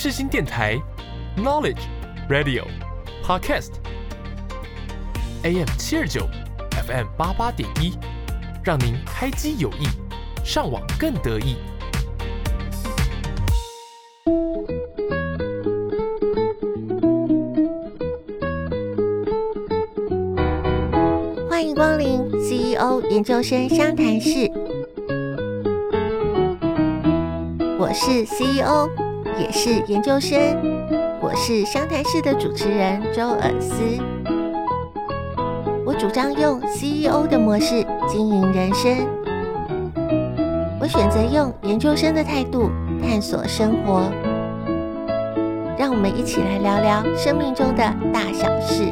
世新電台，Knowledge Radio Podcast，AM 七二九，FM 八八點一，讓您開機有益，上網更得意。歡迎光臨 CEO 研究生相談室，我是 CEO。也是研究生，我是相談室的主持人周爾思。我主張用 CEO 的模式經營人生，我選擇用研究生的態度探索生活。讓我們一起來聊聊生命中的大小事。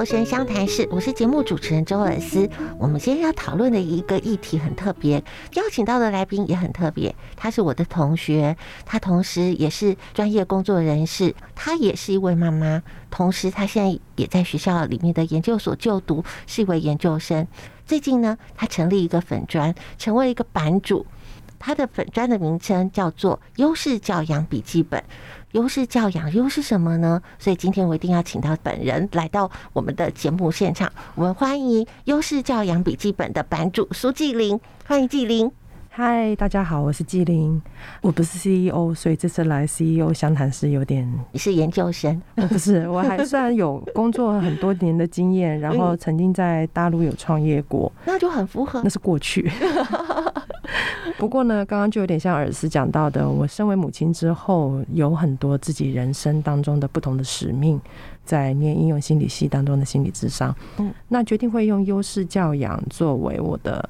研究生相談室，我是節目主持人周爾斯。我們今天要討論的一個議題很特別，邀請到的來賓也很特別。他是我的同學，他同時也是專業工作人士，他也是一位媽媽，同時他現在也在學校裡面的研究所就讀，是一位研究生。最近呢，他成立一個粉專，成為一個版主。他的粉專的名稱叫做“優勢教養筆記本”。優勢教養，優勢什麼呢？所以今天我一定要請到本人來到我們的節目現場。我們歡迎“優勢教養筆記本”的版主蘇冀苓，歡迎冀苓。嗨，大家好，我是冀苓。我不是 CEO，所以這次來 CEO 相談是有點。你是研究生？ 不是，我還算有工作很多年的經驗，然後曾經在大陸有創業過、嗯，那就很符合。那是過去。 不過呢，剛剛就有點像爾斯講到的，我身為母親之後，有很多自己人生當中的不同的使命。在念應用心理系當中的心理智商，嗯，那決定會用優勢教養作為我的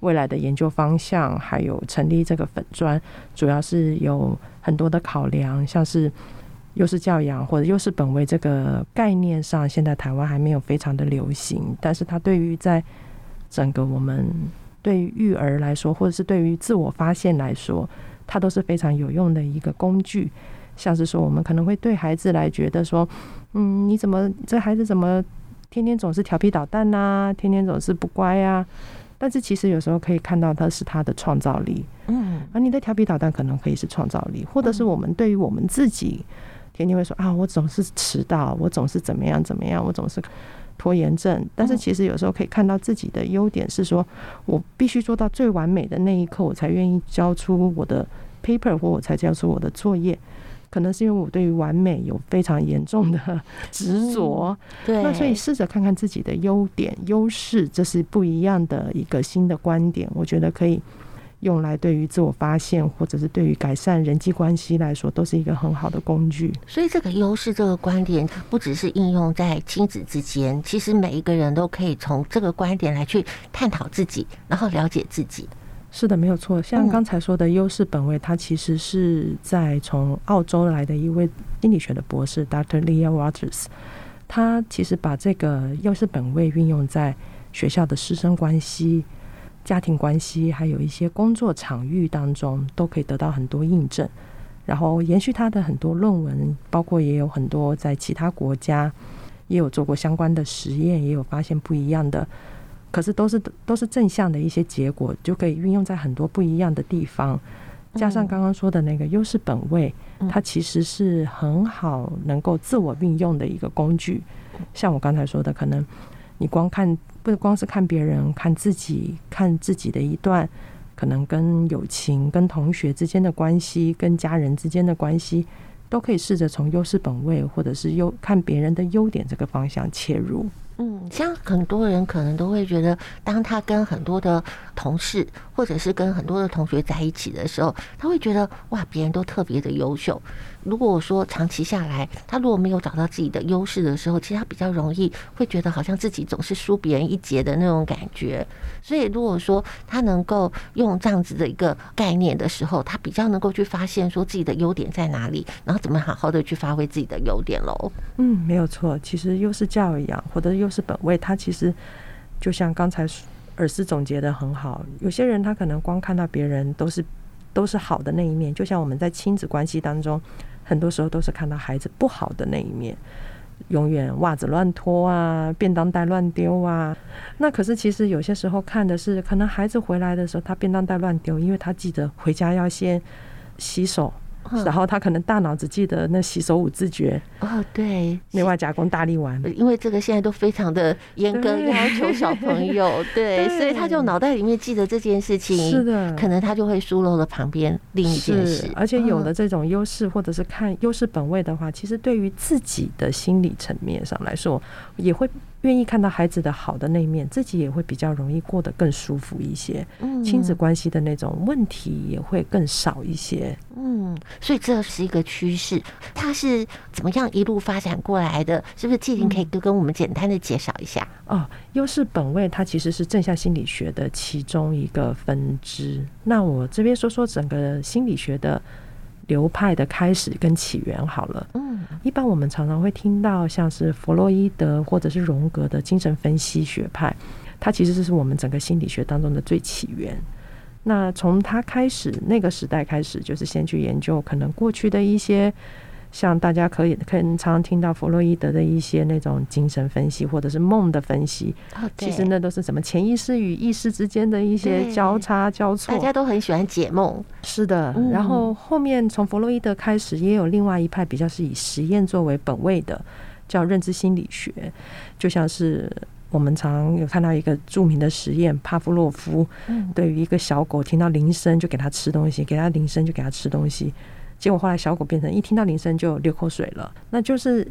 未來的研究方向，還有成立這個粉專，主要是有很多的考量，像是優勢教養或者優勢本位這個概念上，現在台灣還沒有非常的流行，但是它對於在整個我們。對於育兒來說，或者是對於自我發現來說，它都是非常有用的一個工具。像是說，我們可能會對孩子來覺得說，嗯，你怎麼這孩子怎麼天天總是調皮搗蛋呢？啊？天天總是不乖啊。但是其實有時候可以看到，他是他的創造力。嗯，而你的調皮搗蛋可能可以是創造力，或者是我們對於我們自己，天天會說啊，我總是遲到，我總是怎麼樣怎麼樣，我總是。拖延症，但是其實有時候可以看到自己的優點是說，我必須做到最完美的那一刻，我才願意交出我的 paper，或我才交出我的作業，可能是因為我對於完美有非常嚴重的執着。對。那所以試着看看自己的優點、優勢，這是不一樣的一個新的觀點，我覺得可以。用來對於自我發現，或者是對於改善人際關係來說，都是一個很好的工具。所以，這個優勢這個觀點，它不只是應用在親子之間，其實每一個人都可以從這個觀點來去探討自己，然後了解自己。是的，沒有錯。像剛才說的優勢本位，他、嗯、其實是在從澳洲來的一位心理學的博士 Dr. Leah Waters，他其實把這個優勢本位運用在學校的師生關係。家庭關係，還有一些工作場域當中，都可以得到很多印證。然後延續他的很多論文，包括也有很多在其他國家也有做過相關的實驗，也有發現不一樣的，可是都是都是正向的一些結果，就可以運用在很多不一樣的地方，加上剛剛說的那個優勢本位，它其實是很好能夠自我運用的一個工具。像我剛才說的，可能你光看。不光是看別人，看自己，看自己的一段，可能跟友情、跟同學之間的關係、跟家人之間的關係，都可以試着從優勢本位，或者是優看別人的優點這個方向切入。嗯，像很多人可能都會覺得，當他跟很多的同事，或者是跟很多的同學在一起的時候，他會覺得哇，別人都特別的優秀。如果說長期下來，他如果沒有找到自己的優勢的時候，其實他比較容易會覺得好像自己總是輸別人一截的那種感覺。所以如果說他能夠用這樣子的一個概念的時候，他比較能夠去發現說自己的優點在哪裡，然後怎麼好好的去發揮自己的優點嘍。嗯，沒有錯。其實優勢教養，或者優勢本位，他其實就像剛才爾思總結的很好，有些人他可能光看到別人都是都是好的那一面，就像我們在親子關係當中。很多時候都是看到孩子不好的那一面，永遠襪子亂脫啊，便當袋亂丟啊。那可是其實有些時候看的是，可能孩子回來的時候，他便當袋亂丟，因為他記得回家要先洗手。然後他可能大腦只記得那洗手五字訣哦，對，內外夾弓大立腕，因為這個現在都非常的嚴格、啊、要求小朋友，對，對所以他就腦袋裡面記得這件事情，是的，可能他就會疏漏了旁邊另一件事是，而且有了這種優勢，或者是看優勢本位的話，其實對於自己的心理層面上來說，也會。願意看到孩子的好的那一面，自己也會比較容易過得更舒服一些，親、嗯、子關係的那種問題也會更少一些。嗯，所以這是一個趨勢，它是怎麼樣一路發展過來的？是不是冀苓可以都跟我們簡單的介紹一下？嗯、哦，優勢本位它其實是正向心理學的其中一個分支。那我這邊說說整個心理學的。流派的開始跟起源好了，嗯，一般我們常常會聽到像是弗洛伊德或者是榮格的精神分析學派，它其實是我們整個心理學當中的最起源。那從他開始，那個時代開始，就是先去研究可能過去的一些。像大家可以，可常常聽到弗洛伊德的一些那種精神分析或者是夢的分析，其實那都是什麼潛意識與意識之間的一些交叉交錯。大家都很喜歡解夢，是的。然後後面從弗洛伊德開始，也有另外一派比較是以實驗作為本位的，叫認知心理學。就像是我們常有看到一個著名的實驗，帕夫洛夫，對於一個小狗聽到鈴聲就給它吃東西，給它鈴聲就給它吃東西。結果後來，小狗變成一聽到鈴聲就流口水了。那就是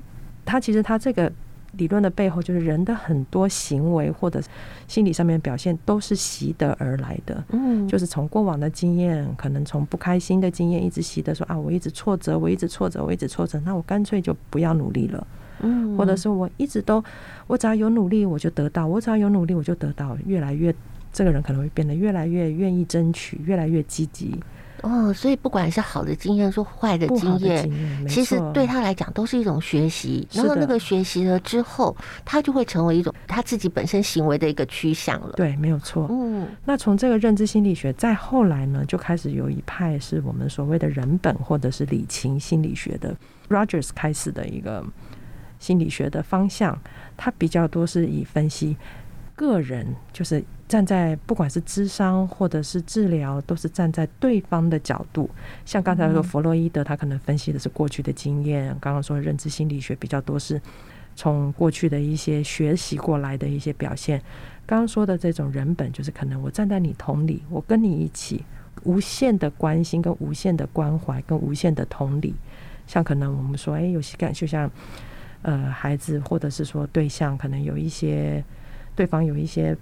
他其實他這個理論的背後，就是人的很多行為或者心理上面表現都是習得而來的。嗯，就是從過往的經驗，可能從不開心的經驗一直習得說，說啊我，我一直挫折，我一直挫折，我一直挫折，那我乾脆就不要努力了。嗯，或者是我一直都，我只要有努力我就得到，我只要有努力我就得到，越來越這個人可能會變得越來越願意爭取，越來越積極。哦，所以不管是好的經驗，說壞的經驗，經其實對他來講都是一種學習。的然後那個學習了之後，他就會成為一種他自己本身行為的一個趨向了。對，沒有錯。嗯，那從這個認知心理學，再後來呢，就開始有一派是我們所謂的人本或者是理情心理學的，Rogers 開始的一個心理學的方向，他比較多是以分析個人，就是。站在不管是諮商或者是治療，都是站在對方的角度。像剛才說，弗洛伊德他可能分析的是過去的經驗。剛剛說認知心理學比較多，是從過去的一些學習過來的一些表現。剛剛說的這種人本，就是可能我站在你同理，我跟你一起，無限的關心、跟無限的關懷、跟無限的同理。像可能我們說，誒，有些感就像，呃，孩子或者是說對象，可能有一些對方有一些。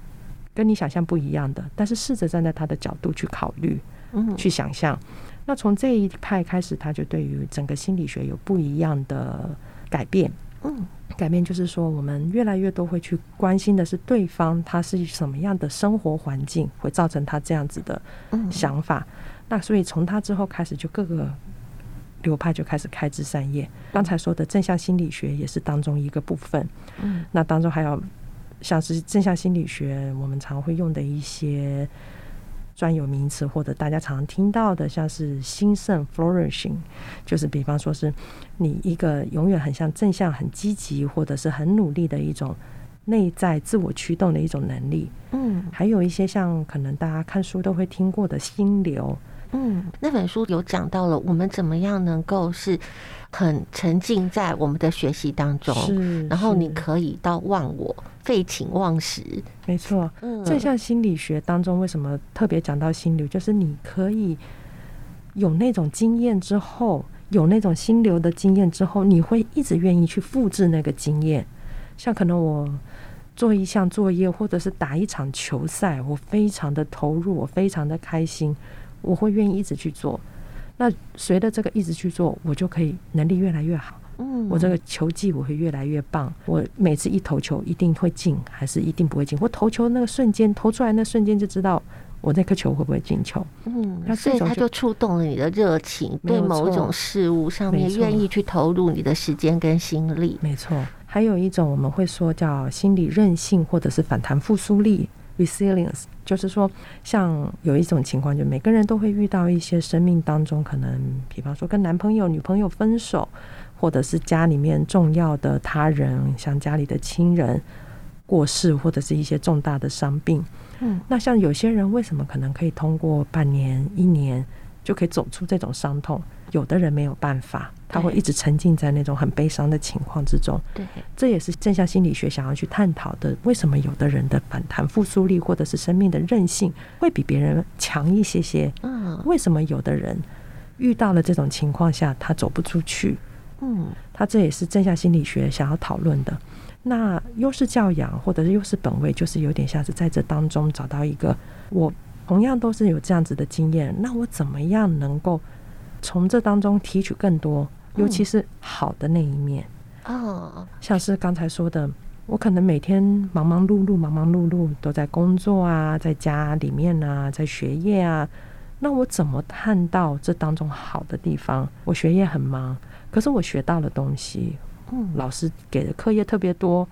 跟你想象不一樣的，但是試着站在他的角度去考慮，去想象。那從這一派開始，他就對於整個心理學有不一樣的改變，改變就是說，我們越來越多會去關心的是對方他是什麼樣的生活環境會造成他這樣子的想法。那所以從他之後開始，就各個流派就開始開枝散葉。剛才說的正向心理學也是當中一個部分，那當中還有。像是正向心理學，我們常會用的一些專有名詞，或者大家常聽到的，像是心盛 （flourishing），就是比方說是你一個永遠很像正向、很積極或者是很努力的一種內在自我驅動的一種能力。嗯，還有一些像可能大家看書都會聽過的心流。嗯，那本書有講到了，我們怎麼樣能夠是很沉浸在我們的學習當中，是是然後你可以到忘我、廢寢忘食。沒錯，嗯，這項心理學當中，為什麼特別講到心流，就是你可以有那種經驗之後，有那種心流的經驗之後，你會一直願意去複製那個經驗。像可能我做一項作業，或者是打一場球賽，我非常的投入，我非常的開心。我會願意一直去做，那隨着這個一直去做，我就可以能力越來越好。嗯，我這個球技我會越來越棒，我每次一投球一定會進還是一定不會進？我投球那個瞬間，投出來那瞬間就知道我那顆球會不會進球。嗯，那所以它就觸動了你的熱情，對某種事物上面願意去投入你的時間跟心力。沒錯，沒錯，還有一種我們會說叫心理韌性，或者是反彈復甦力。Resilience，就是說，像有一種情況，就每個人都會遇到一些生命當中可能，比方說跟男朋友、女朋友分手，或者是家裡面重要的他人，像家裡的親人過世，或者是一些重大的傷病。嗯，那像有些人為什麼可能可以通過半年、一年就可以走出這種傷痛？有的人沒有辦法。他會一直沉浸在那種很悲傷的情況之中，對，這也是正向心理學想要去探討的。為什麼有的人的反彈復甦力，或者是生命的韌性會比別人強一些些？嗯，為什麼有的人遇到了這種情況下，他走不出去？嗯，他這也是正向心理學想要討論的。那優勢教養或者是優勢本位，就是有點像是在這當中找到一個我同樣都是有這樣子的經驗，那我怎麼樣能夠從這當中提取更多？尤其是好的那一面，哦，像是剛才說的，我可能每天忙忙碌碌、忙忙碌碌都在工作啊，在家裡面啊，在學業啊，那我怎麼看到這當中好的地方？我學業很忙，可是我學到了東西。嗯，老師給的課業特別多，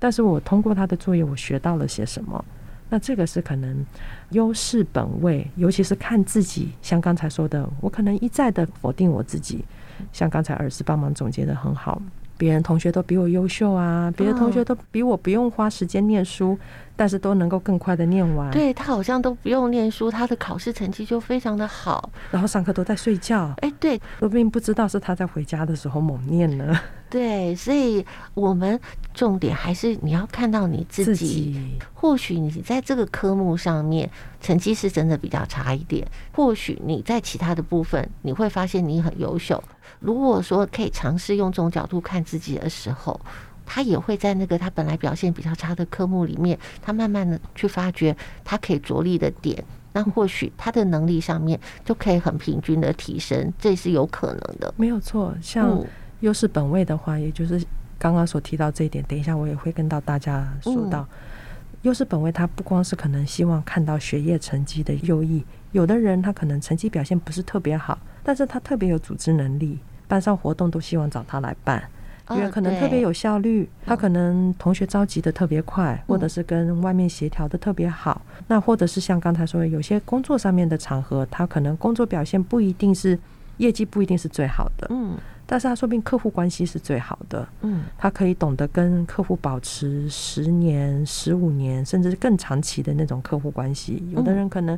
但是我通過他的作業，我學到了些什麼？那這個是可能優勢本位，尤其是看自己，像剛才說的，我可能一再的否定我自己。像剛才兒子幫忙總結得很好，別人同學都比我優秀啊，別的同學都比我不用花時間念書，哦、但是都能夠更快的念完。對，他好像都不用念書，他的考試成績就非常的好。然後上課都在睡覺。哎、欸，對，我並不知道是他在回家的時候猛念呢。對，所以我們。重點還是你要看到你自己。自己。或許你在這個科目上面成績是真的比較差一點，或許你在其他的部分你會發現你很優秀。如果說可以嘗試用這種角度看自己的時候，他也會在那個他本來表現比較差的科目裡面，他慢慢的去發掘他可以着力的點，嗯、那或許他的能力上面就可以很平均的提升，這是有可能的。沒有錯，像優勢本位的話，嗯、也就是。剛剛所提到這一點，等一下我也會跟到大家說到，嗯、優勢本位他不光是可能希望看到學業成績的優異，有的人他可能成績表現不是特別好，但是他特別有組織能力，班上活動都希望找他來辦，也可能特別有效率，哦、他可能同學召集的特別快，嗯、或者是跟外面協調的特別好，那或者是像剛才說的，有些工作上面的場合，他可能工作表現不一定是業績不一定是最好的，嗯。但是他說不定客戶關係是最好的，嗯，他可以懂得跟客戶保持十年、十五年，甚至更長期的那種客戶關係。嗯，有的人可能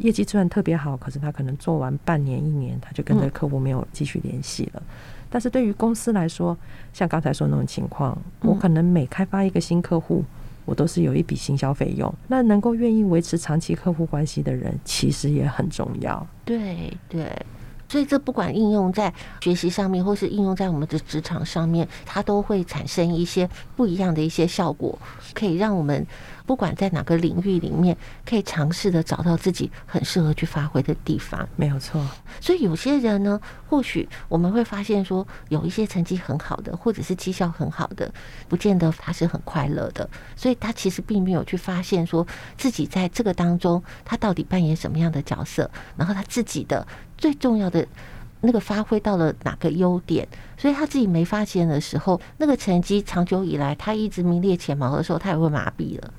業績雖然特別好，可是他可能做完半年、一年，他就跟這客戶沒有繼續聯繫了。嗯，但是對於公司來說，像剛才說的那種情況，我可能每開發一個新客戶，我都是有一筆行銷費用。那能夠願意維持長期客戶關係的人，其實也很重要。對對。對所以，這不管應用在學習上面，或是應用在我們的職場上面，它都會產生一些不一樣的一些效果，可以讓我們。不管在哪個領域裡面，可以嘗試著找到自己很適合去發揮的地方。沒有錯，所以有些人呢，或許我們會發現說，有一些成績很好的，或者是績效很好的，不見得他是很快樂的。所以他其實並沒有去發現說，自己在這個當中，他到底扮演什麼樣的角色，然後他自己的最重要的那個發揮到了哪個優點。所以他自己沒發現的時候，那個成績長久以來他一直名列前茅的時候，他也會麻痹了。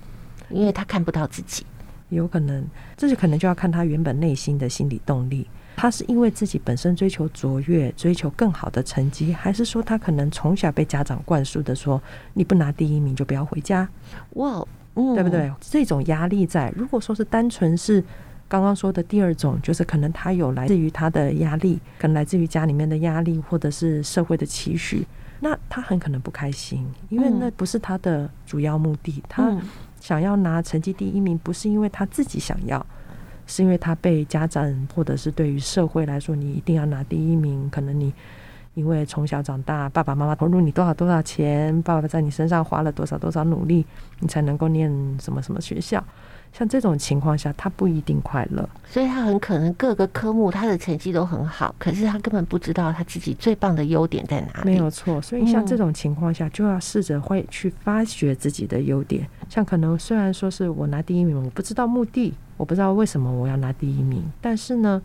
因為他看不到自己，有可能，這就可能就要看他原本內心的心理動力。他是因為自己本身追求卓越，追求更好的成績，還是說他可能從小被家長灌輸的說：“你不拿第一名就不要回家。”哇，嗯、對不對？這種壓力在，如果說是單純是剛剛說的第二種，就是可能他有來自於他的壓力，可能來自於家裡面的壓力，或者是社會的期許，那他很可能不開心，因為那不是他的主要目的。嗯、他想要拿成績第一名，不是因為他自己想要，是因為他被家長或者是對於社會來說，你一定要拿第一名。可能你因為從小長大，爸爸媽媽投入你多少多少錢，爸爸在你身上花了多少多少努力，你才能夠念什麼什麼學校。像這種情況下，他不一定快樂，所以他很可能各個科目他的成績都很好，可是他根本不知道他自己最棒的優點在哪裡。沒有錯，所以像這種情況下，就要試着會去發掘自己的優點。嗯。像可能雖然說是我拿第一名，我不知道目的，我不知道為什麼我要拿第一名，但是呢，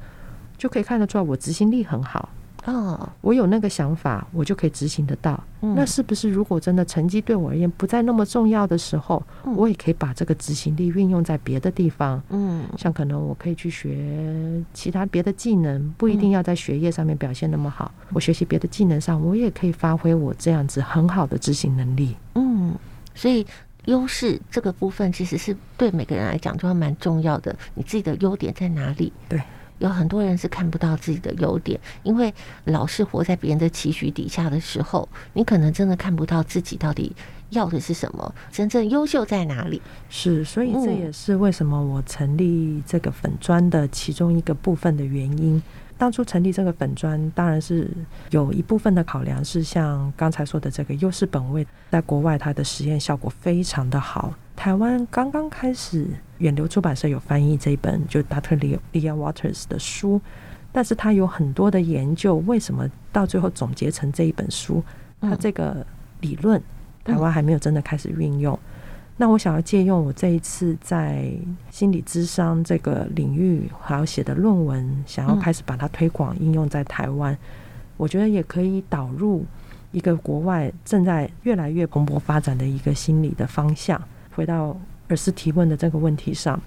就可以看得出來我執行力很好。哦，oh, 我有那個想法，我就可以執行得到。嗯、那是不是如果真的成績對我而言不再那麼重要的時候，嗯、我也可以把這個執行力運用在別的地方？嗯，像可能我可以去學其他別的技能，不一定要在學業上面表現那麼好。嗯、我學習別的技能上，我也可以發揮我這樣子很好的執行能力。嗯，所以優勢這個部分其實是對每個人來講都還蠻重要的。你自己的優點在哪裡？對。有很多人是看不到自己的優點，因為老是活在別人的期許底下的時候，你可能真的看不到自己到底要的是什麼，真正優秀在哪裡。是，所以這也是為什麼我成立這個粉專的其中一個部分的原因。嗯。當初成立這個粉專，當然是有一部分的考量是像剛才說的這個優勢本位，在國外它的實驗效果非常的好。台灣剛剛開始，遠流出版社有翻譯這一本，就達特 w 利亞 e r s 的書，但是他有很多的研究，為什麼到最後總結成這一本書？他這個理論，台灣還沒有真的開始運用。嗯、那我想要借用我這一次在心理智商這個領域還要寫的論文，想要開始把它推廣應用在台灣，我覺得也可以導入一個國外正在越來越蓬勃發展的一個心理的方向。回到爾斯提問的這個問題上，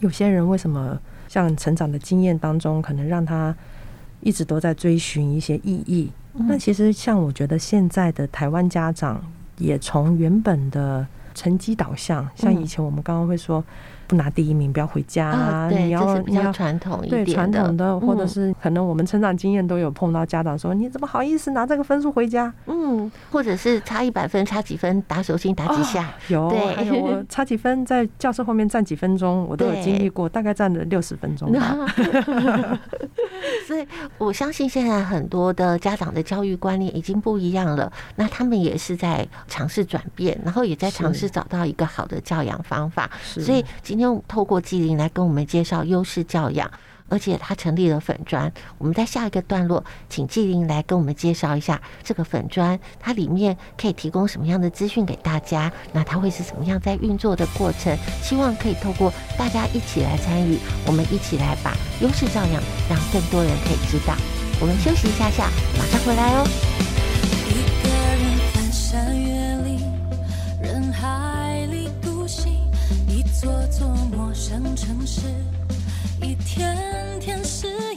有些人為什麼像成長的經驗當中，可能讓他一直都在追尋一些意義？那其實像我覺得現在的台灣家長，也從原本的成績導向，像以前我們剛剛會說。不拿第一名，不要回家。哦、對，要你要對傳統的、嗯、或者是可能我們成長經驗都有碰到家長說：“嗯、你怎麼好意思拿這個分數回家？”嗯，或者是差一百分，差幾分打手心打幾下。哦、有，對還有我差幾分在教室後面站幾分鐘，我都有經歷過，對大概站了六十分鐘吧 所以我相信現在很多的家長的教育觀念已經不一樣了，那他們也是在嘗試轉變，然後也在嘗試找到一個好的教養方法。是所以。今天透過冀苓來跟我們介紹優勢教養，而且他成立了粉專。我們在下一個段落，請冀苓來跟我們介紹一下這個粉專，它裡面可以提供什麼樣的資訊給大家？那它會是怎麼樣在運作的過程？希望可以透過大家一起來參與，我們一起來把優勢教養讓更多人可以知道。我們休息一下下，馬上回來哦。一座座陌生城市，一天天適應。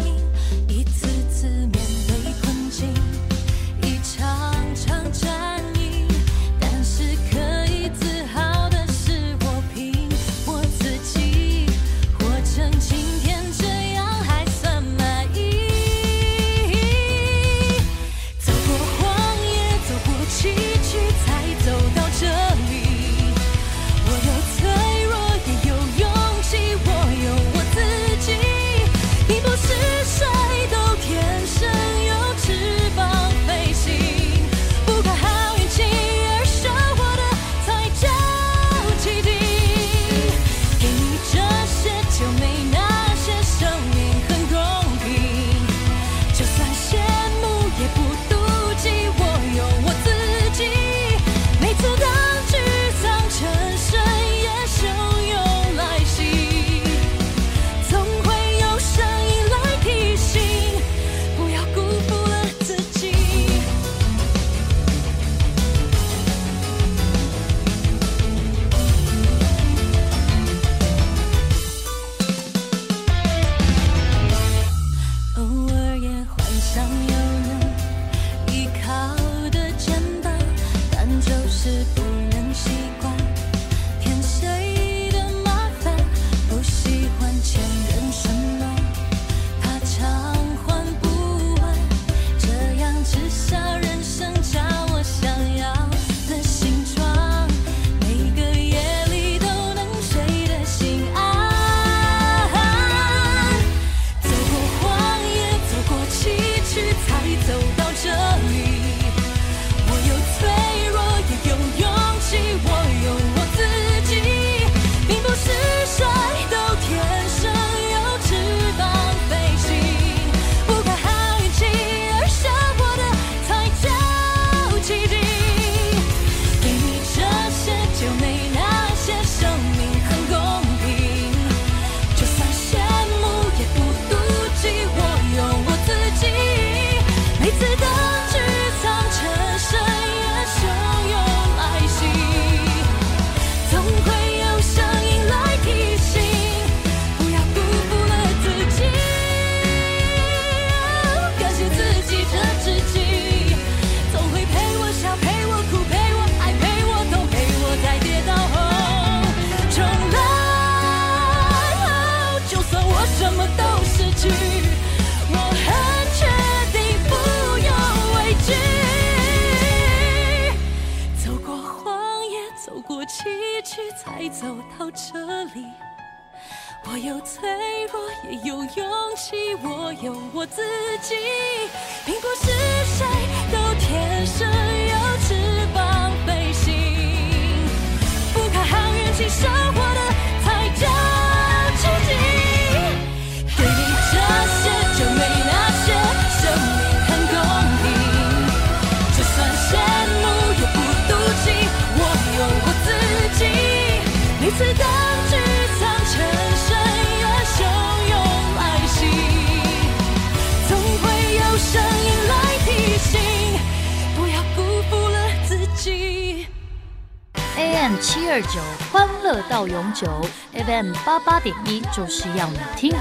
九 FM 八八點一就是要你聽。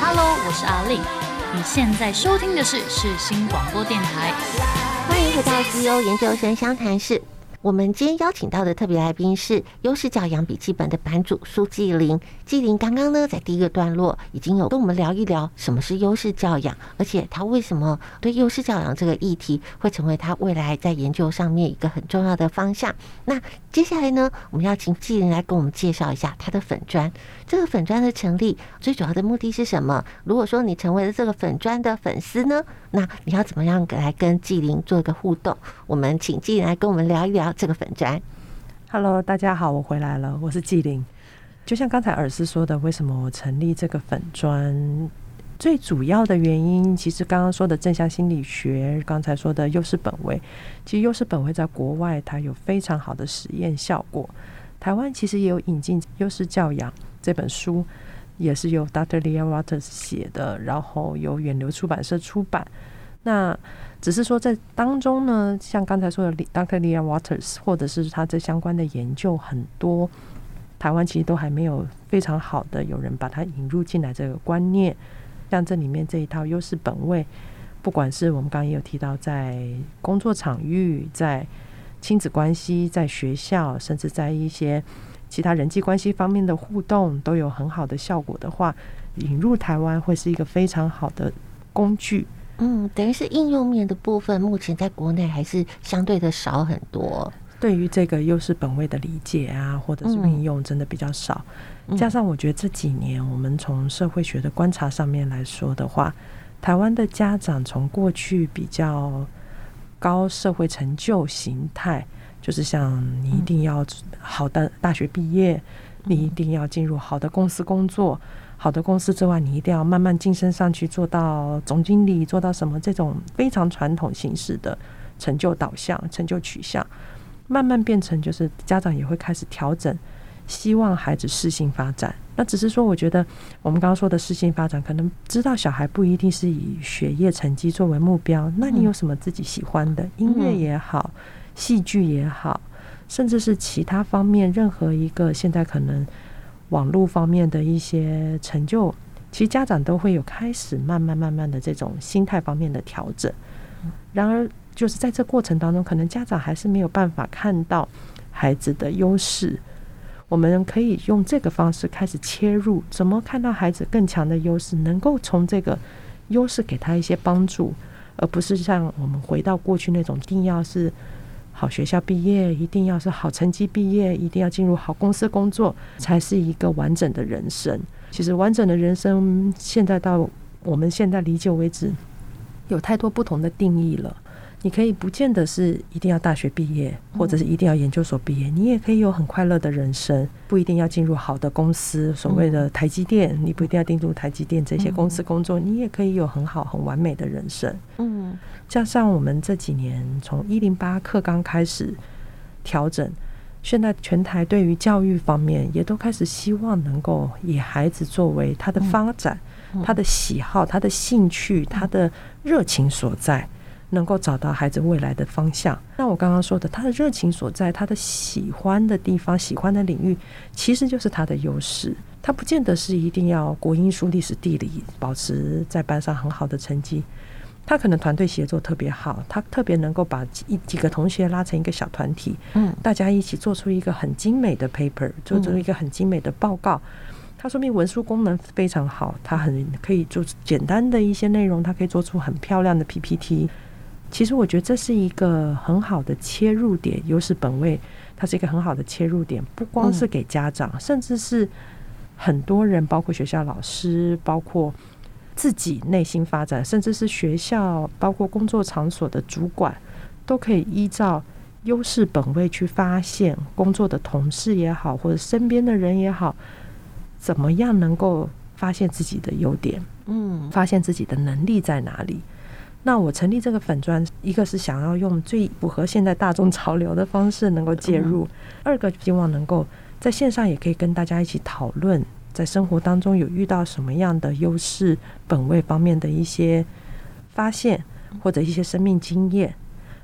Hello，我是阿麗，你現在收聽的是世新廣播電台，歡迎回到 CEO 研究生相談室。我們今天邀請到的特別來賓是優勢教養筆記本的版主蘇冀苓。冀苓剛剛呢，在第一個段落已經有跟我們聊一聊什麼是優勢教養，而且他為什麼對優勢教養這個議題會成為他未來在研究上面一個很重要的方向。那接下來呢，我們要請冀苓來跟我們介紹一下他的粉專。這個粉專的成立最主要的目的是什麼？如果說你成為了這個粉專的粉絲呢，那你要怎麼樣來跟冀苓做一個互動？我們請冀苓來跟我們聊一聊這個粉專。Hello，大家好，我回來了，我是冀苓。就像剛才爾斯說的，為什麼我成立這個粉專？最主要的原因，其實剛剛說的正向心理學，剛才說的優勢本位，其實優勢本位在國外它有非常好的實驗效果，台灣其實也有引進優勢教養。這本書也是由 Dr. Lea Waters 寫的，然後由遠流出版社出版。那只是說，在當中呢，像剛才說的 Dr. Lea Waters 或者是他這相關的研究很多，台灣其實都還沒有非常好的有人把它引入進來這個觀念。像這裡面這一套優勢本位，不管是我們剛剛也有提到，在工作場域、在親子關係、在學校，甚至在一些其他人際關係方面的互動都有很好的效果的話，引入台灣會是一個非常好的工具。嗯，等於是應用面的部分，目前在國內還是相對的少很多。對於這個優勢本位的理解啊，或者是運用，真的比較少。嗯、加上我覺得這幾年我們從社會學的觀察上面來說的話，嗯、台灣的家長從過去比較高社會成就型態。就是像你一定要好的大學畢業，嗯、你一定要進入好的公司工作，好的公司之外，你一定要慢慢晉升上去，做到總經理，做到什麼這種非常傳統形式的成就導向、成就取向，慢慢變成就是家長也會開始調整，希望孩子適性發展。那只是說，我覺得我們剛剛說的適性發展，可能知道小孩不一定是以學業成績作為目標，那你有什麼自己喜歡的、嗯、音樂也好，戲劇也好，甚至是其他方面，任何一個現在可能網絡方面的一些成就，其實家長都會有開始慢慢慢慢的這種心態方面的調整。然而，就是在這過程當中，可能家長還是沒有辦法看到孩子的優勢。我們可以用這個方式開始切入，怎麼看到孩子更強的優勢，能夠從這個優勢給他一些幫助，而不是像我們回到過去那種，定要是。好學校畢業，一定要是好成績畢業，一定要進入好公司工作，才是一個完整的人生。其實，完整的人生，現在到我們現在理解為止，有太多不同的定義了。你可以不見得是一定要大學畢業，或者是一定要研究所畢業，嗯、你也可以有很快樂的人生。不一定要進入好的公司，所謂的台積電，你不一定要進入台積電這些公司工作，嗯、你也可以有很好、很完美的人生。嗯。加上我們這幾年從一零八課綱開始調整，現在全台對於教育方面也都開始希望能夠以孩子作為他的發展、嗯嗯、他的喜好、他的興趣、他的熱情所在，能夠找到孩子未來的方向。那我剛剛說的，他的熱情所在、他的喜歡的地方、喜歡的領域，其實就是他的優勢。他不見得是一定要國英數歷史地理，保持在班上很好的成績。他可能團隊協作特別好，他特別能夠把幾幾個同學拉成一個小團體，嗯，大家一起做出一個很精美的 paper，做出一個很精美的報告。嗯、他說明文書功能非常好，他很可以做簡單的一些內容，他可以做出很漂亮的 PPT。其實我覺得這是一個很好的切入點，優勢本位，它是一個很好的切入點，不光是給家長，甚至是很多人，包括學校老師，包括。自己內心發展，甚至是學校包括工作場所的主管，都可以依照優勢本位去發現工作的同事也好，或者身邊的人也好，怎麼樣能夠發現自己的優點？嗯，發現自己的能力在哪裡？那我成立這個粉專，一個是想要用最符合現在大眾潮流的方式能夠介入，嗯、二個希望能夠在線上也可以跟大家一起討論。在生活當中有遇到什麼樣的優勢本位方面的一些發現，或者一些生命經驗？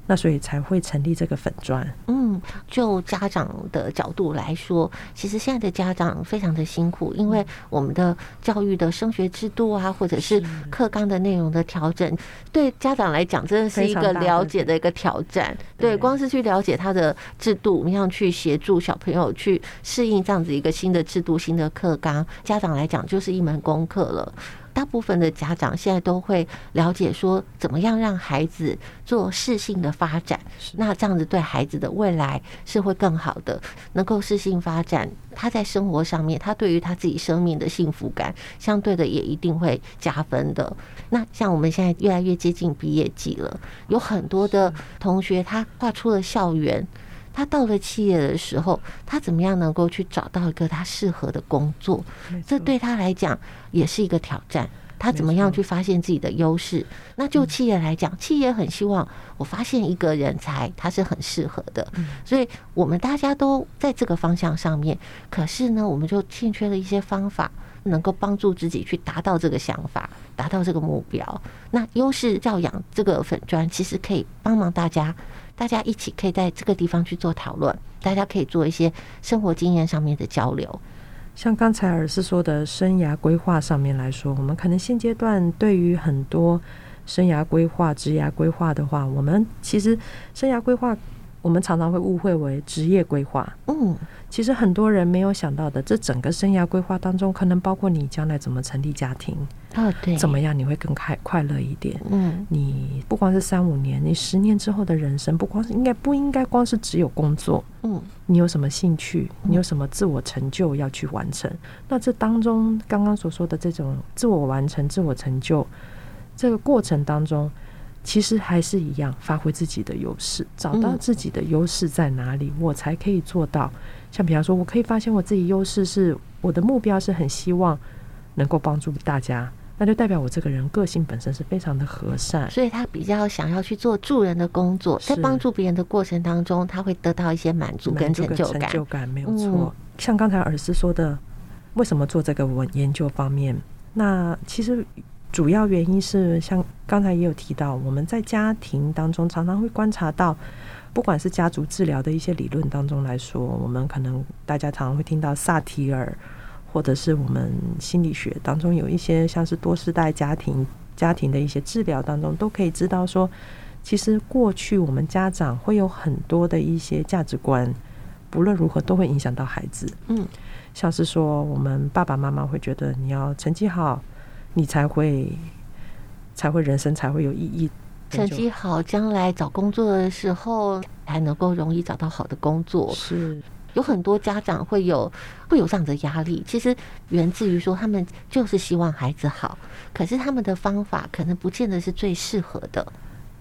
那所以才會成立這個粉專。嗯，就家長的角度來說，其實現在的家長非常的辛苦，因為我們的教育的升學制度啊，或者是課綱的內容的調整，對家長來講真的是一個了解的一個挑戰。對，光是去了解他的制度，我們要去協助小朋友去適應這樣子一個新的制度、新的課綱，家長來講就是一門功課了。大部分的家長現在都會了解說，怎麼樣讓孩子做適性的發展。那這樣子對孩子的未來是會更好的，能夠適性發展，他在生活上面，他對於他自己生命的幸福感，相對的也一定會加分的。那像我們現在越來越接近畢業季了，有很多的同學他跨出了校園。他到了企業的時候，他怎麼樣能夠去找到一個他適合的工作？這對他來講也是一個挑戰。他怎麼樣去發現自己的優勢？那就企業來講，企業很希望我發現一個人才，他是很適合的。所以，我們大家都在這個方向上面，可是呢，我們就欠缺了一些方法，能夠幫助自己去達到這個想法，達到這個目標。那優勢教養這個粉專，其實可以幫忙大家。大家一起可以在這個地方去做討論，大家可以做一些生活經驗上面的交流。像剛才老師說的，生涯規劃上面來說，我們可能現階段對於很多生涯規劃、職涯規劃的話，我們其實生涯規劃我們常常會誤會為職業規劃。嗯。其實很多人沒有想到的，這整個生涯規劃當中，可能包括你將來怎麼成立家庭，啊，oh, 對，怎麼樣你會更開快樂一點？嗯，你不光是三五年，你十年之後的人生，不光是應該不應該光是只有工作？嗯，你有什麼興趣？你有什麼自我成就要去完成？嗯、那這當中剛剛所說的這種自我完成、自我成就這個過程當中，其實還是一樣，發揮自己的優勢，找到自己的優勢在哪裡，嗯、我才可以做到。像比方說，我可以發現我自己優勢是我的目標是很希望能夠幫助大家，那就代表我這個人個性本身是非常的和善、嗯，所以他比較想要去做助人的工作，是在幫助別人的過程當中，他會得到一些滿足跟成就感。跟成就感沒有錯。嗯、像剛才兒子說的，為什麼做這個文研究方面？那其實主要原因是像剛才也有提到，我們在家庭當中常常會觀察到。不管是家族治療的一些理論當中來說，我們可能大家常常會聽到薩提爾，或者是我們心理學當中有一些像是多世代家庭家庭的一些治療當中，都可以知道說，其實過去我們家長會有很多的一些價值觀，不論如何都會影響到孩子。嗯，像是說我們爸爸媽媽會覺得你要成績好，你才會才會人生才會有意義。成績好，將來找工作的時候才能夠容易找到好的工作。是，有很多家長會有會有這樣的壓力，其實源自於說他們就是希望孩子好，可是他們的方法可能不見得是最適合的。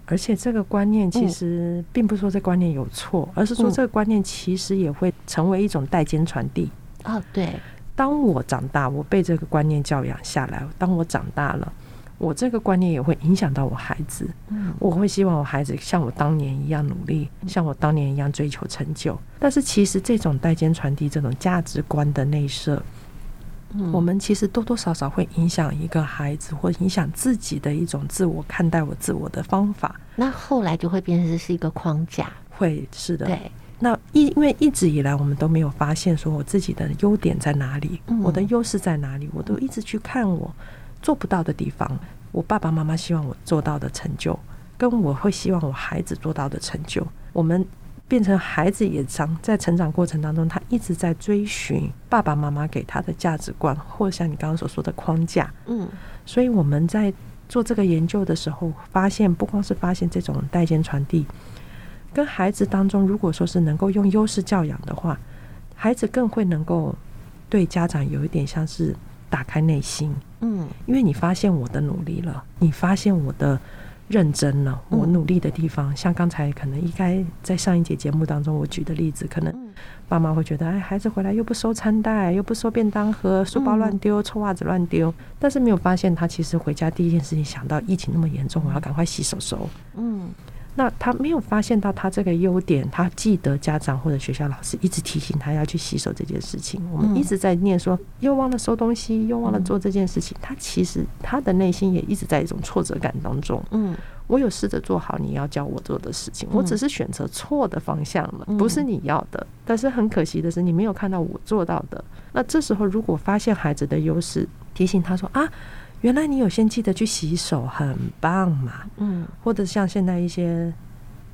而且這個觀念其實並不是說這觀念有錯，嗯、而是說這個觀念其實也會成為一種代間傳遞、嗯。哦，對。當我長大，我被這個觀念教養下來，當我長大了。我這個觀念也會影響到我孩子，嗯、我會希望我孩子像我當年一樣努力，嗯、像我當年一樣追求成就。但是其實這種代間傳遞這種價值觀的內射，嗯、我們其實多多少少會影響一個孩子，或影響自己的一種自我看待我自我的方法。那後來就會變成是一個框架，會是的。對，那一因為一直以來我們都沒有發現說我自己的優點在哪裡，嗯、我的優勢在哪裡，我都一直去看我。嗯我做不到的地方，我爸爸媽媽希望我做到的成就，跟我會希望我孩子做到的成就，我們變成孩子也常在成長過程當中，他一直在追尋爸爸媽媽給他的價值觀，或像你剛剛所說的框架。嗯，所以我們在做這個研究的時候，發現不光是發現這種代間傳遞，跟孩子當中如果說是能夠用優勢教養的話，孩子更會能夠對家長有一點像是打開內心。嗯，因為你發現我的努力了，你發現我的認真了，我努力的地方，嗯、像剛才可能應該在上一節節目當中我舉的例子，可能爸媽會覺得，哎，孩子回來又不收餐袋，又不收便當盒，書包亂丟，臭襪子亂丟，但是沒有發現他其實回家第一件事情想到疫情那麼嚴重，我要趕快洗手手。嗯。那他沒有發現到他這個優點，他記得家長或者學校老師一直提醒他要去洗手這件事情。我們、嗯、一直在念說，又忘了收東西，又忘了做這件事情。嗯、他其實他的內心也一直在一種挫折感當中。嗯，我有試着做好你要教我做的事情，嗯、我只是選擇錯的方向了，不是你要的。但是很可惜的是，你沒有看到我做到的。那這時候如果發現孩子的優勢，提醒他說啊。原來你有先記得去洗手，很棒嘛。嗯。或者像現在一些，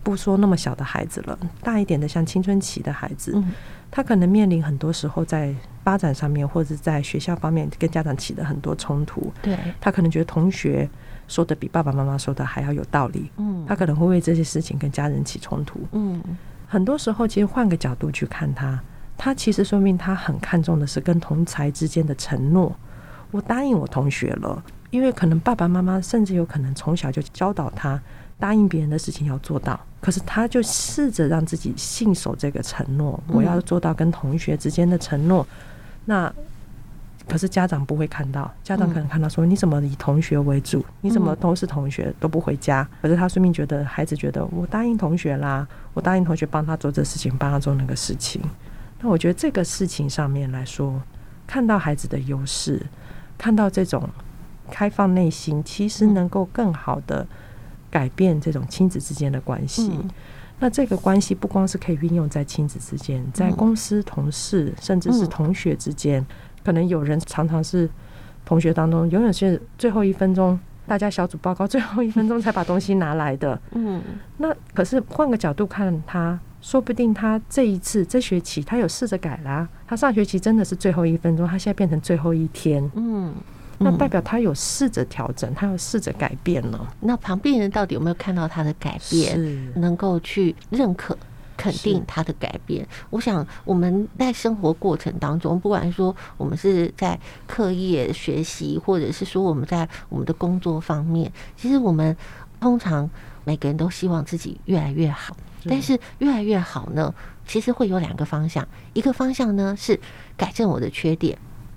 不說那麼小的孩子了，大一點的，像青春期的孩子，嗯。他可能面臨很多時候在發展上面，或者在學校方面跟家長起了很多衝突。對。他可能覺得同學說的比爸爸媽媽說的還要有道理。嗯。他可能會為這些事情跟家人起衝突。嗯。很多時候，其實換個角度去看他，他其實說明他很看重的是跟同儕之間的承諾。我答應我同學了，因為可能爸爸媽媽甚至有可能從小就教導他，答應別人的事情要做到。可是他就試着讓自己信守這個承諾，我要做到跟同學之間的承諾。那可是家長不會看到，家長可能看到說：“你怎麼以同學為主？你怎麼都是同學都不回家？”可是他順便覺得孩子覺得我答應同學啦，我答應同學幫他做這事情，幫他做那個事情。那我覺得這個事情上面來說，看到孩子的優勢。看到這種開放內心，其實能夠更好的改變這種親子之間的關係。那這個關係不光是可以運用在親子之間，在公司同事甚至是同學之間，可能有人常常是同學當中永遠是最後一分鐘，大家小組報告最後一分鐘才把東西拿來的。嗯，那可是換個角度看他。說不定他這一次這學期他有試着改啦、啊，他上學期真的是最後一分鐘，他現在變成最後一天，嗯，嗯，那代表他有試着調整，他有試着改變呢。那旁邊人到底有沒有看到他的改變？是能夠去認可、肯定他的改變？是我想我們在生活過程當中，不管說我們是在課業學習，或者是說我們在我們的工作方面，其實我們通常每個人都希望自己越來越好。但是越來越好呢，其實會有兩個方向，一個方向呢是改正我的缺點，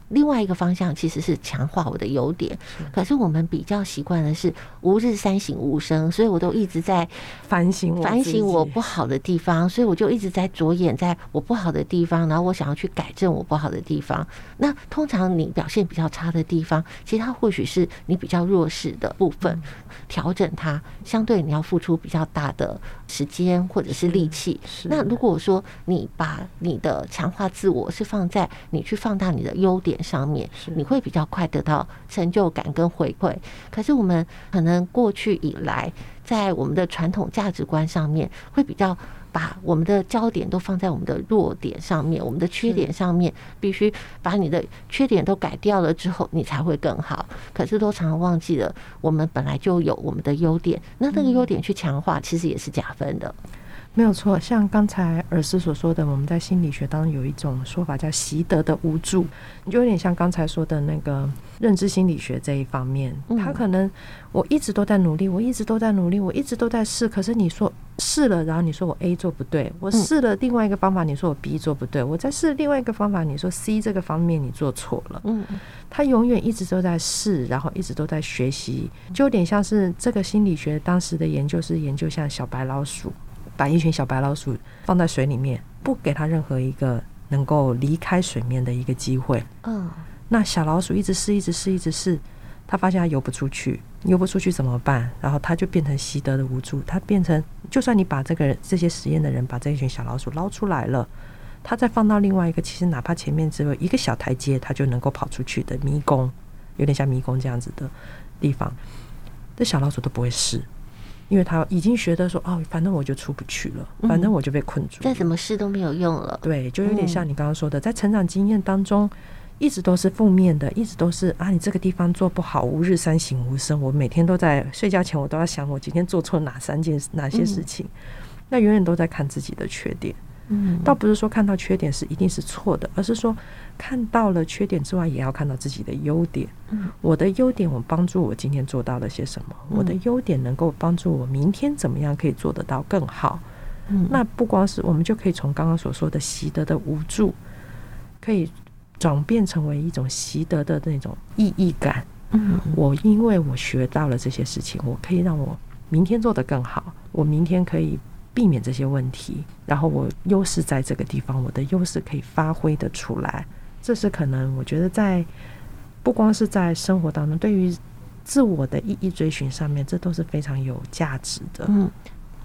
另外一個方向其實是強化我的優點。可是我們比較習慣的是吾日三省吾身，所以我都一直在反省反省，我不好的地方，所以我就一直在着眼在我不好的地方，然後我想要去改正我不好的地方。那通常你表現比較差的地方，其實它或許是你比較弱勢的部分，調整它相對你要付出比較大的。時間或者是力氣，是，是，那如果說你把你的強化自我是放在你去放大你的優點上面，是你會比較快得到成就感跟回饋。可是我們可能過去以來，在我們的傳統價值觀上面，會比較把我們的焦點都放在我們的弱點上面，我們的缺點上面，必須把你的缺點都改掉了之後，你才會更好。可是都常常忘記了，我們本來就有我們的優點，那那個優點去強化，其實也是加分的。沒有錯，像剛才爾斯所說的，我們在心理學當中有一種說法叫“習得的無助”，就有點像剛才說的那個認知心理學這一方面。嗯，他可能我一直都在努力，我一直都在努力，我一直都在試。可是你說試了，然後你說我 A 做不對，我試了另外一個方法，你說我 B 做不對，我再試另外一個方法，你說 C 這個方面你做錯了。嗯，他永遠一直都在試，然後一直都在學習，就有點像是這個心理學當時的研究是研究像小白老鼠。把一群小白老鼠放在水裡面，不給它任何一個能夠離開水面的一個機會。嗯，那小老鼠一直試，一直試，一直試，它發現它游不出去，游不出去怎麼辦？然後它就變成習得的無助。它變成，就算你把這個這些實驗的人把這一群小老鼠撈出來了，它再放到另外一個其實哪怕前面只有一個小台階，它就能夠跑出去的迷宮，有點像迷宮這樣子的地方，這小老鼠都不會試。因為他已經覺得說哦，反正我就出不去了，反正我就被困住了，嗯，再怎麼試都沒有用了。對，就有點像你剛剛說的，在成長經驗當中，一直都是負面的，一直都是啊，你這個地方做不好，吾日三省吾身，我每天都在睡覺前，我都要想我今天做錯哪三件哪些事情，嗯、那永遠都在看自己的缺點。嗯，倒不是說看到缺點是一定是錯的，而是說，看到了缺點之外，也要看到自己的優點。嗯，我的優點，我幫助我今天做到了些什麼？嗯，我的優點能夠幫助我明天怎麼樣可以做得到更好？嗯，那不光是我們就可以從剛剛所說的習得的無助，可以轉變成為一種習得的那種意義感。嗯，我因為我學到了這些事情，我可以讓我明天做得更好。我明天可以避免這些問題，然後我優勢在這個地方，我的優勢可以發揮得出來。這是可能，我覺得在不光是在生活當中，對於自我的意義追尋上面，這都是非常有價值的。嗯，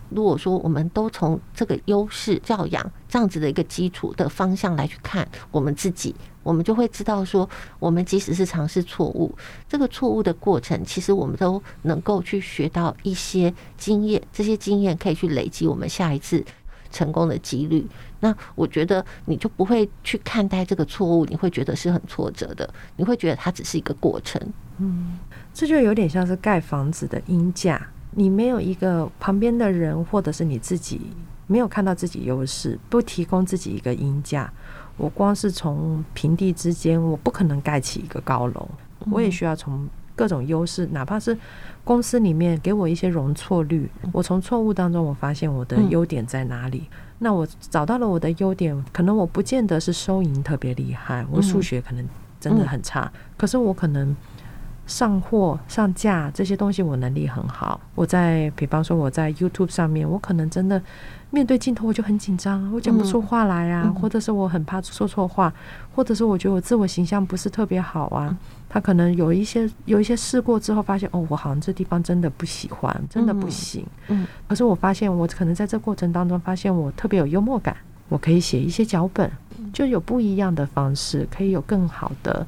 如果說我們都從這個優勢教養這樣子的一個基礎的方向來去看我們自己，我們就會知道說，我們即使是嘗試錯誤，這個錯誤的過程，其實我們都能夠去學到一些經驗，這些經驗可以去累積我們下一次成功的幾率。那我覺得你就不會去看待這個錯誤，你會覺得是很挫折的。你會覺得它只是一個過程。嗯，這就有點像是蓋房子的鷹架。你沒有一個旁邊的人，或者是你自己沒有看到自己優勢，不提供自己一個鷹架。我光是從平地之間，我不可能蓋起一個高樓。我也需要從各種優勢，哪怕是公司裡面給我一些容錯率。我從錯誤當中，我發現我的優點在哪裡。嗯那我找到了我的優點，可能我不見得是收銀特別厲害，我數學可能真的很差，嗯嗯、可是我可能上貨、上架這些東西我能力很好。我在比方說我在 YouTube 上面，我可能真的面對鏡頭我就很緊張，我講不出話來啊，嗯、或者是我很怕說錯話，或者是我覺得我自我形象不是特別好啊。他可能有一些有一些試過之後，發現哦，我好像這地方真的不喜歡，真的不行。嗯，嗯，可是我發現我可能在這過程當中，發現我特別有幽默感，我可以寫一些腳本，就有不一樣的方式，可以有更好的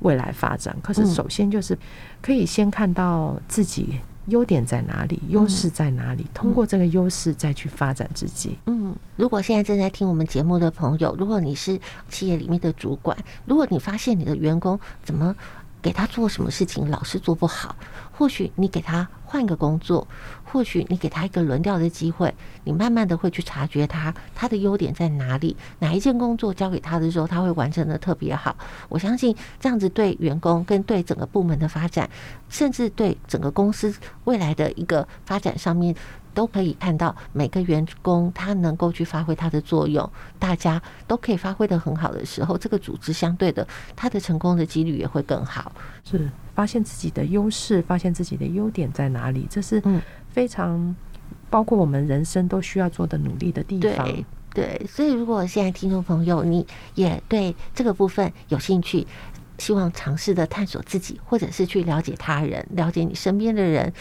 未來發展。可是首先就是可以先看到自己優點在哪裡，優勢在哪裡，通過這個優勢再去發展自己。嗯，如果現在正在聽我們節目的朋友，如果你是企業裡面的主管，如果你發現你的員工怎麼，給他做什麼事情老是做不好，或許你給他換個工作，或許你給他一個輪調的機會，你慢慢的會去察覺他，他的優點在哪裡，哪一件工作交給他的時候他會完成得特別好。我相信這樣子對員工跟對整個部門的發展，甚至對整個公司未來的一個發展上面，都可以看到每個員工他能夠去發揮他的作用，大家都可以發揮得很好的時候，這個組織相對的他的成功的幾率也會更好。是發現自己的優勢，發現自己的優點在哪裡，這是非常包括我們人生都需要做的努力的地方。嗯，對，所以如果現在聽眾朋友你也對這個部分有興趣，希望嘗試的探索自己，或者是去了解他人，了解你身邊的人，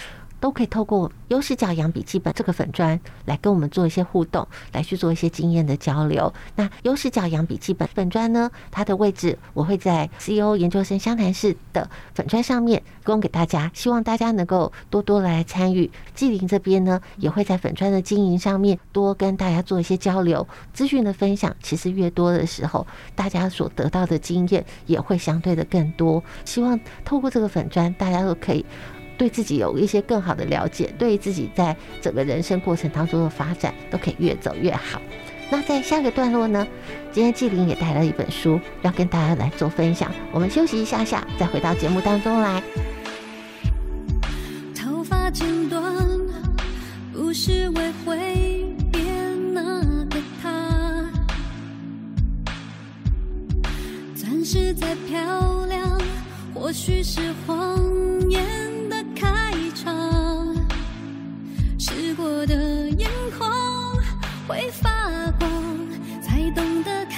都可以透過“優勢教養筆記本”這個粉專來跟我們做一些互動，來去做一些經驗的交流。那“優勢教養筆記本”粉專呢，它的位置我會在 CEO 研究生相談室的粉專上面供給大家，希望大家能夠多多的來參與。冀苓這邊呢，也會在粉專的經營上面多跟大家做一些交流、資訊的分享。其實越多的時候，大家所得到的經驗也會相對的更多。希望透過這個粉專，大家都可以。對自己有一些更好的了解，對自己在整個人生過程當中的發展都可以越走越好。那在下個段落呢，今天冀苓也帶了一本書，要跟大家來做分享。我們休息一下下，再回到節目當中來。頭髮剪短，不是為揮別那個他。鑽石再漂亮，或許是謊言。過的眼眶會發光，才懂得。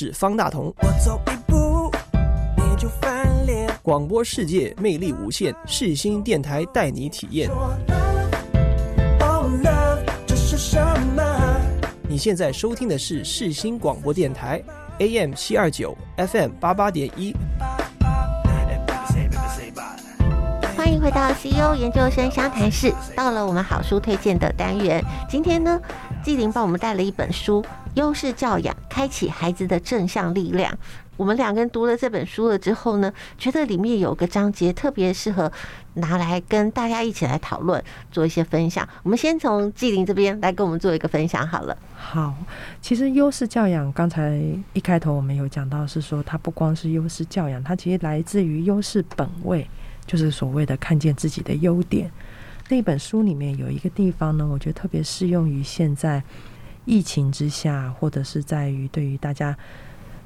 是方大同。我走一步，你就翻臉。廣播世界魅力無限，世新電台帶你體驗。你現在收聽的是世新廣播電台，AM 七二九，FM 八八點一。歡迎回到 CEO 研究生相談室。到了我們好書推薦的單元，今天呢，冀苓幫我們帶了一本書。優勢教養開啟孩子的正向力量。我們兩個人讀了這本書了之後呢，覺得裡面有個章節特別適合拿來跟大家一起來討論，做一些分享。我們先從冀苓這邊來跟我們做一個分享好了。好，其實優勢教養，剛才一開頭我們有講到，是說它不光是優勢教養，它其實來自於優勢本位，就是所謂的看見自己的優點。那本書裡面有一個地方呢，我覺得特別適用於現在。疫情之下，或者是在於對於大家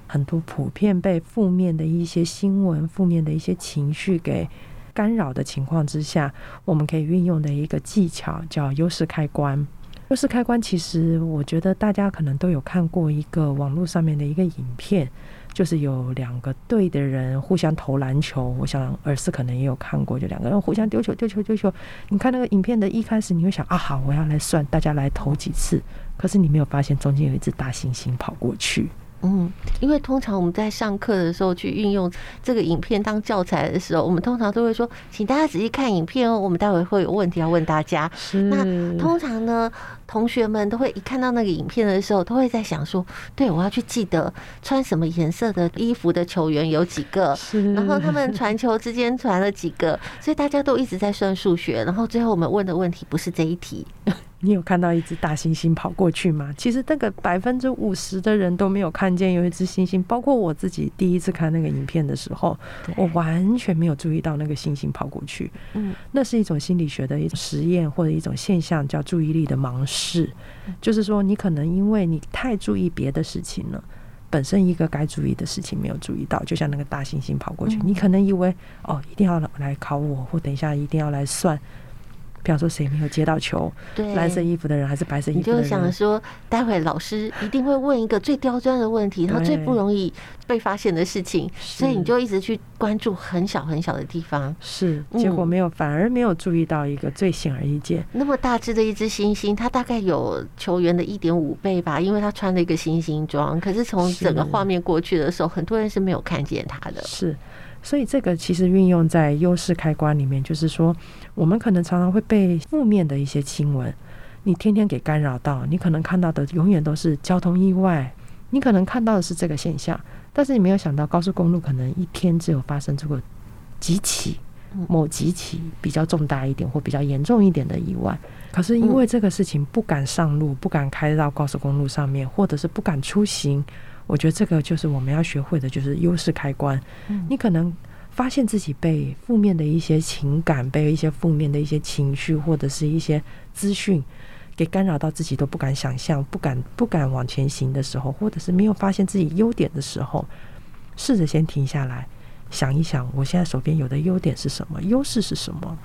很多普遍被負面的一些新聞、負面的一些情緒給干擾的情況之下，我們可以運用的一個技巧叫優勢開關“優勢開關”。優勢開關，其實我覺得大家可能都有看過一個網絡上面的一個影片。就是有兩個隊的人互相投籃球，我想兒時可能也有看過，就兩個人互相丟球、丟球、丟球。你看那個影片，的一開始，你會想啊，好，我要來算，大家來投幾次。可是你沒有發現中間有一隻大猩猩跑過去。嗯，因為通常我們在上課的時候去運用這個影片當教材的時候，我們通常都會說，請大家仔細看影片哦。我們待會會有問題要問大家。是那通常呢，同學們都會一看到那個影片的時候，都會在想說，對，我要去記得穿什麼顏色的衣服的球員有幾個，是然後他們傳球之間傳了幾個，所以大家都一直在算數學。然後最後我們問的問題不是這一題。你有看到一隻大猩猩跑過去嗎？其實那個百分之五十的人都沒有看見有一隻猩猩，包括我自己第一次看那個影片的時候，對我完全沒有注意到那個猩猩跑過去。嗯，那是一種心理學的一種實驗或者一種現象，叫注意力的盲視。嗯、就是說，你可能因為你太注意別的事情了，本身一個該注意的事情沒有注意到，就像那個大猩猩跑過去，嗯、你可能以為哦，一定要來考我，或等一下一定要來算。比方說，誰沒有接到球？對，藍色衣服的人還是白色衣服的人？你就想說，待會老師一定會問一個最刁鑽的問題，然後 最不容易被發現的事情，對所以你就一直去關注很小很小的地方。是，嗯、結果沒有，反而沒有注意到一個最顯而易見。嗯、那麼大隻的一隻猩猩，它大概有球員的一點五倍吧，因為它穿了一個猩猩裝。可是從整個畫面過去的時候，是很多人是沒有看見它的。是。所以，這個其實運用在優勢開關裡面，就是說，我們可能常常會被負面的一些新聞，你天天給干擾到，你可能看到的永遠都是交通意外，你可能看到的是這個現象，但是你沒有想到，高速公路可能一天只有發生這個幾起，某幾起比較重大一點或比較嚴重一點的意外，可是因為這個事情不敢上路，不敢開到高速公路上面，或者是不敢出行。我覺得這個就是我們要學會的，就是優勢開關。你可能發現自己被負面的一些情感、被一些負面的一些情緒，或者是一些資訊給干擾到，自己都不敢想象、不敢不敢往前行的時候，或者是沒有發現自己優點的時候，試着先停下來，想一想，我現在手邊有的優點是什麼，優勢是什麼，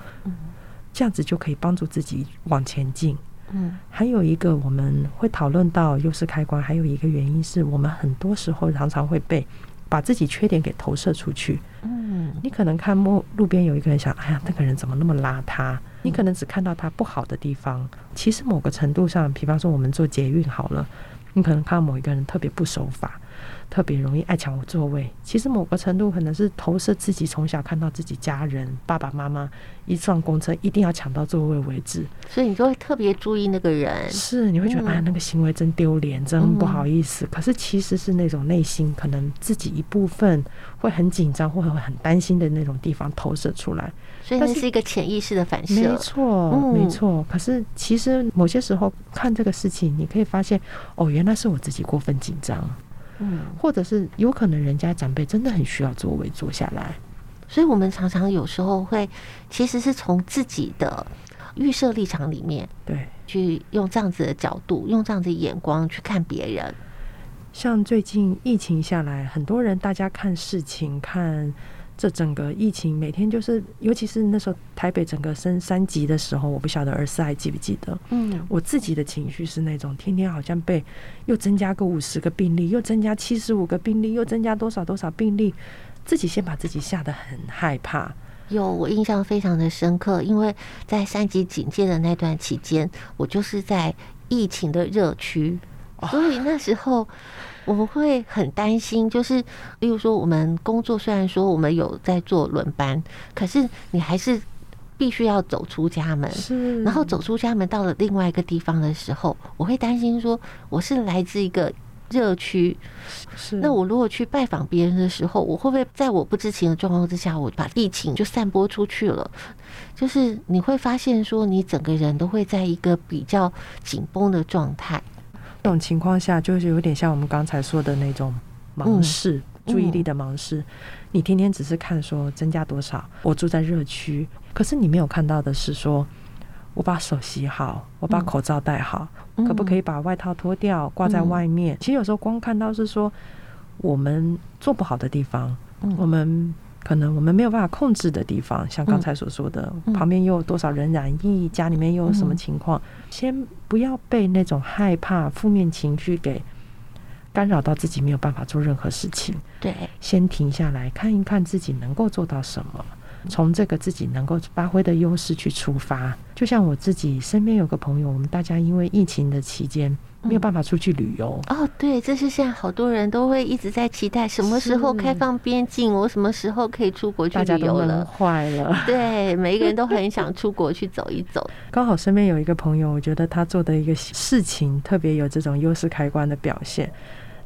這樣子就可以幫助自己往前進。嗯，還有一個我們會討論到優勢開關，還有一個原因是我們很多時候常常會被把自己缺點給投射出去。嗯，你可能看路路邊有一個人，想，哎呀，那個人怎麼那麼邋遢？你可能只看到他不好的地方。其實某個程度上，比方說我們坐捷運好了，你可能看到某一個人特別不守法，特別容易愛搶我座位，其實某個程度可能是投射自己從小看到自己家人爸爸媽媽一上公車，一定要搶到座位為止，所以你就會特別注意那個人，是你會覺得、嗯、啊，那個行為真丟臉，真不好意思。嗯、可是其實是那種內心可能自己一部分會很緊張，或者會很擔心的那種地方投射出來，所以那是一個潛意識的反射，沒錯，嗯、沒錯。可是其實某些時候看這個事情，你可以發現哦，原來是我自己過分緊張。嗯，或者是有可能人家長輩真的很需要座位坐下來，所以我們常常有時候會其實是從自己的預設立場裡面，對，去用這樣子的角度，用這樣子的眼光去看別人。像最近疫情下來，很多人大家看事情看。這整個疫情每天就是，尤其是那時候台北整個升三級的時候，我不曉得兒子還記不記得。嗯，我自己的情緒是那種天天好像被又增加個五十個病例，又增加七十五個病例，又增加多少多少病例，自己先把自己嚇得很害怕。有，我印象非常的深刻，因為在三級警戒的那段期間，我就是在疫情的熱區，所以那時候。我們會很擔心，就是，例如說，我們工作雖然說我們有在做輪班，可是你還是必須要走出家門。是。然後走出家門到了另外一個地方的時候，我會擔心說，我是來自一個熱區，是。那我如果去拜訪別人的時候，我會不會在我不知情的狀況之下，我把疫情就散播出去了？就是你會發現說，你整個人都會在一個比較緊繃的狀態。這種情況下，就是有點像我們剛才說的那種盲視，嗯、注意力的盲視。嗯、你天天只是看說增加多少，我住在熱區，可是你沒有看到的是說，我把手洗好，我把口罩戴好，嗯、可不可以把外套脫掉掛在外面？嗯、其實有時候光看到是說我們做不好的地方，嗯、我們。可能我們沒有辦法控制的地方，像剛才所說的，嗯嗯、旁邊又有多少人染疫，家裡面又有什麼情況，嗯、先不要被那種害怕、負面情緒給干擾到自己沒有辦法做任何事情。嗯、對，先停下來看一看自己能夠做到什麼，從這個自己能夠發揮的優勢去出發。就像我自己身邊有個朋友，我們大家因為疫情的期間。沒有辦法出去旅遊、嗯、哦，對，這是現在好多人都會一直在期待什麼時候開放邊境，是我什麼時候可以出國去旅遊了？大家都壞了，對，每一個人都很想出國去走一走。 剛好身邊有一個朋友，我覺得他做的一個事情特別有這種優勢開關的表現。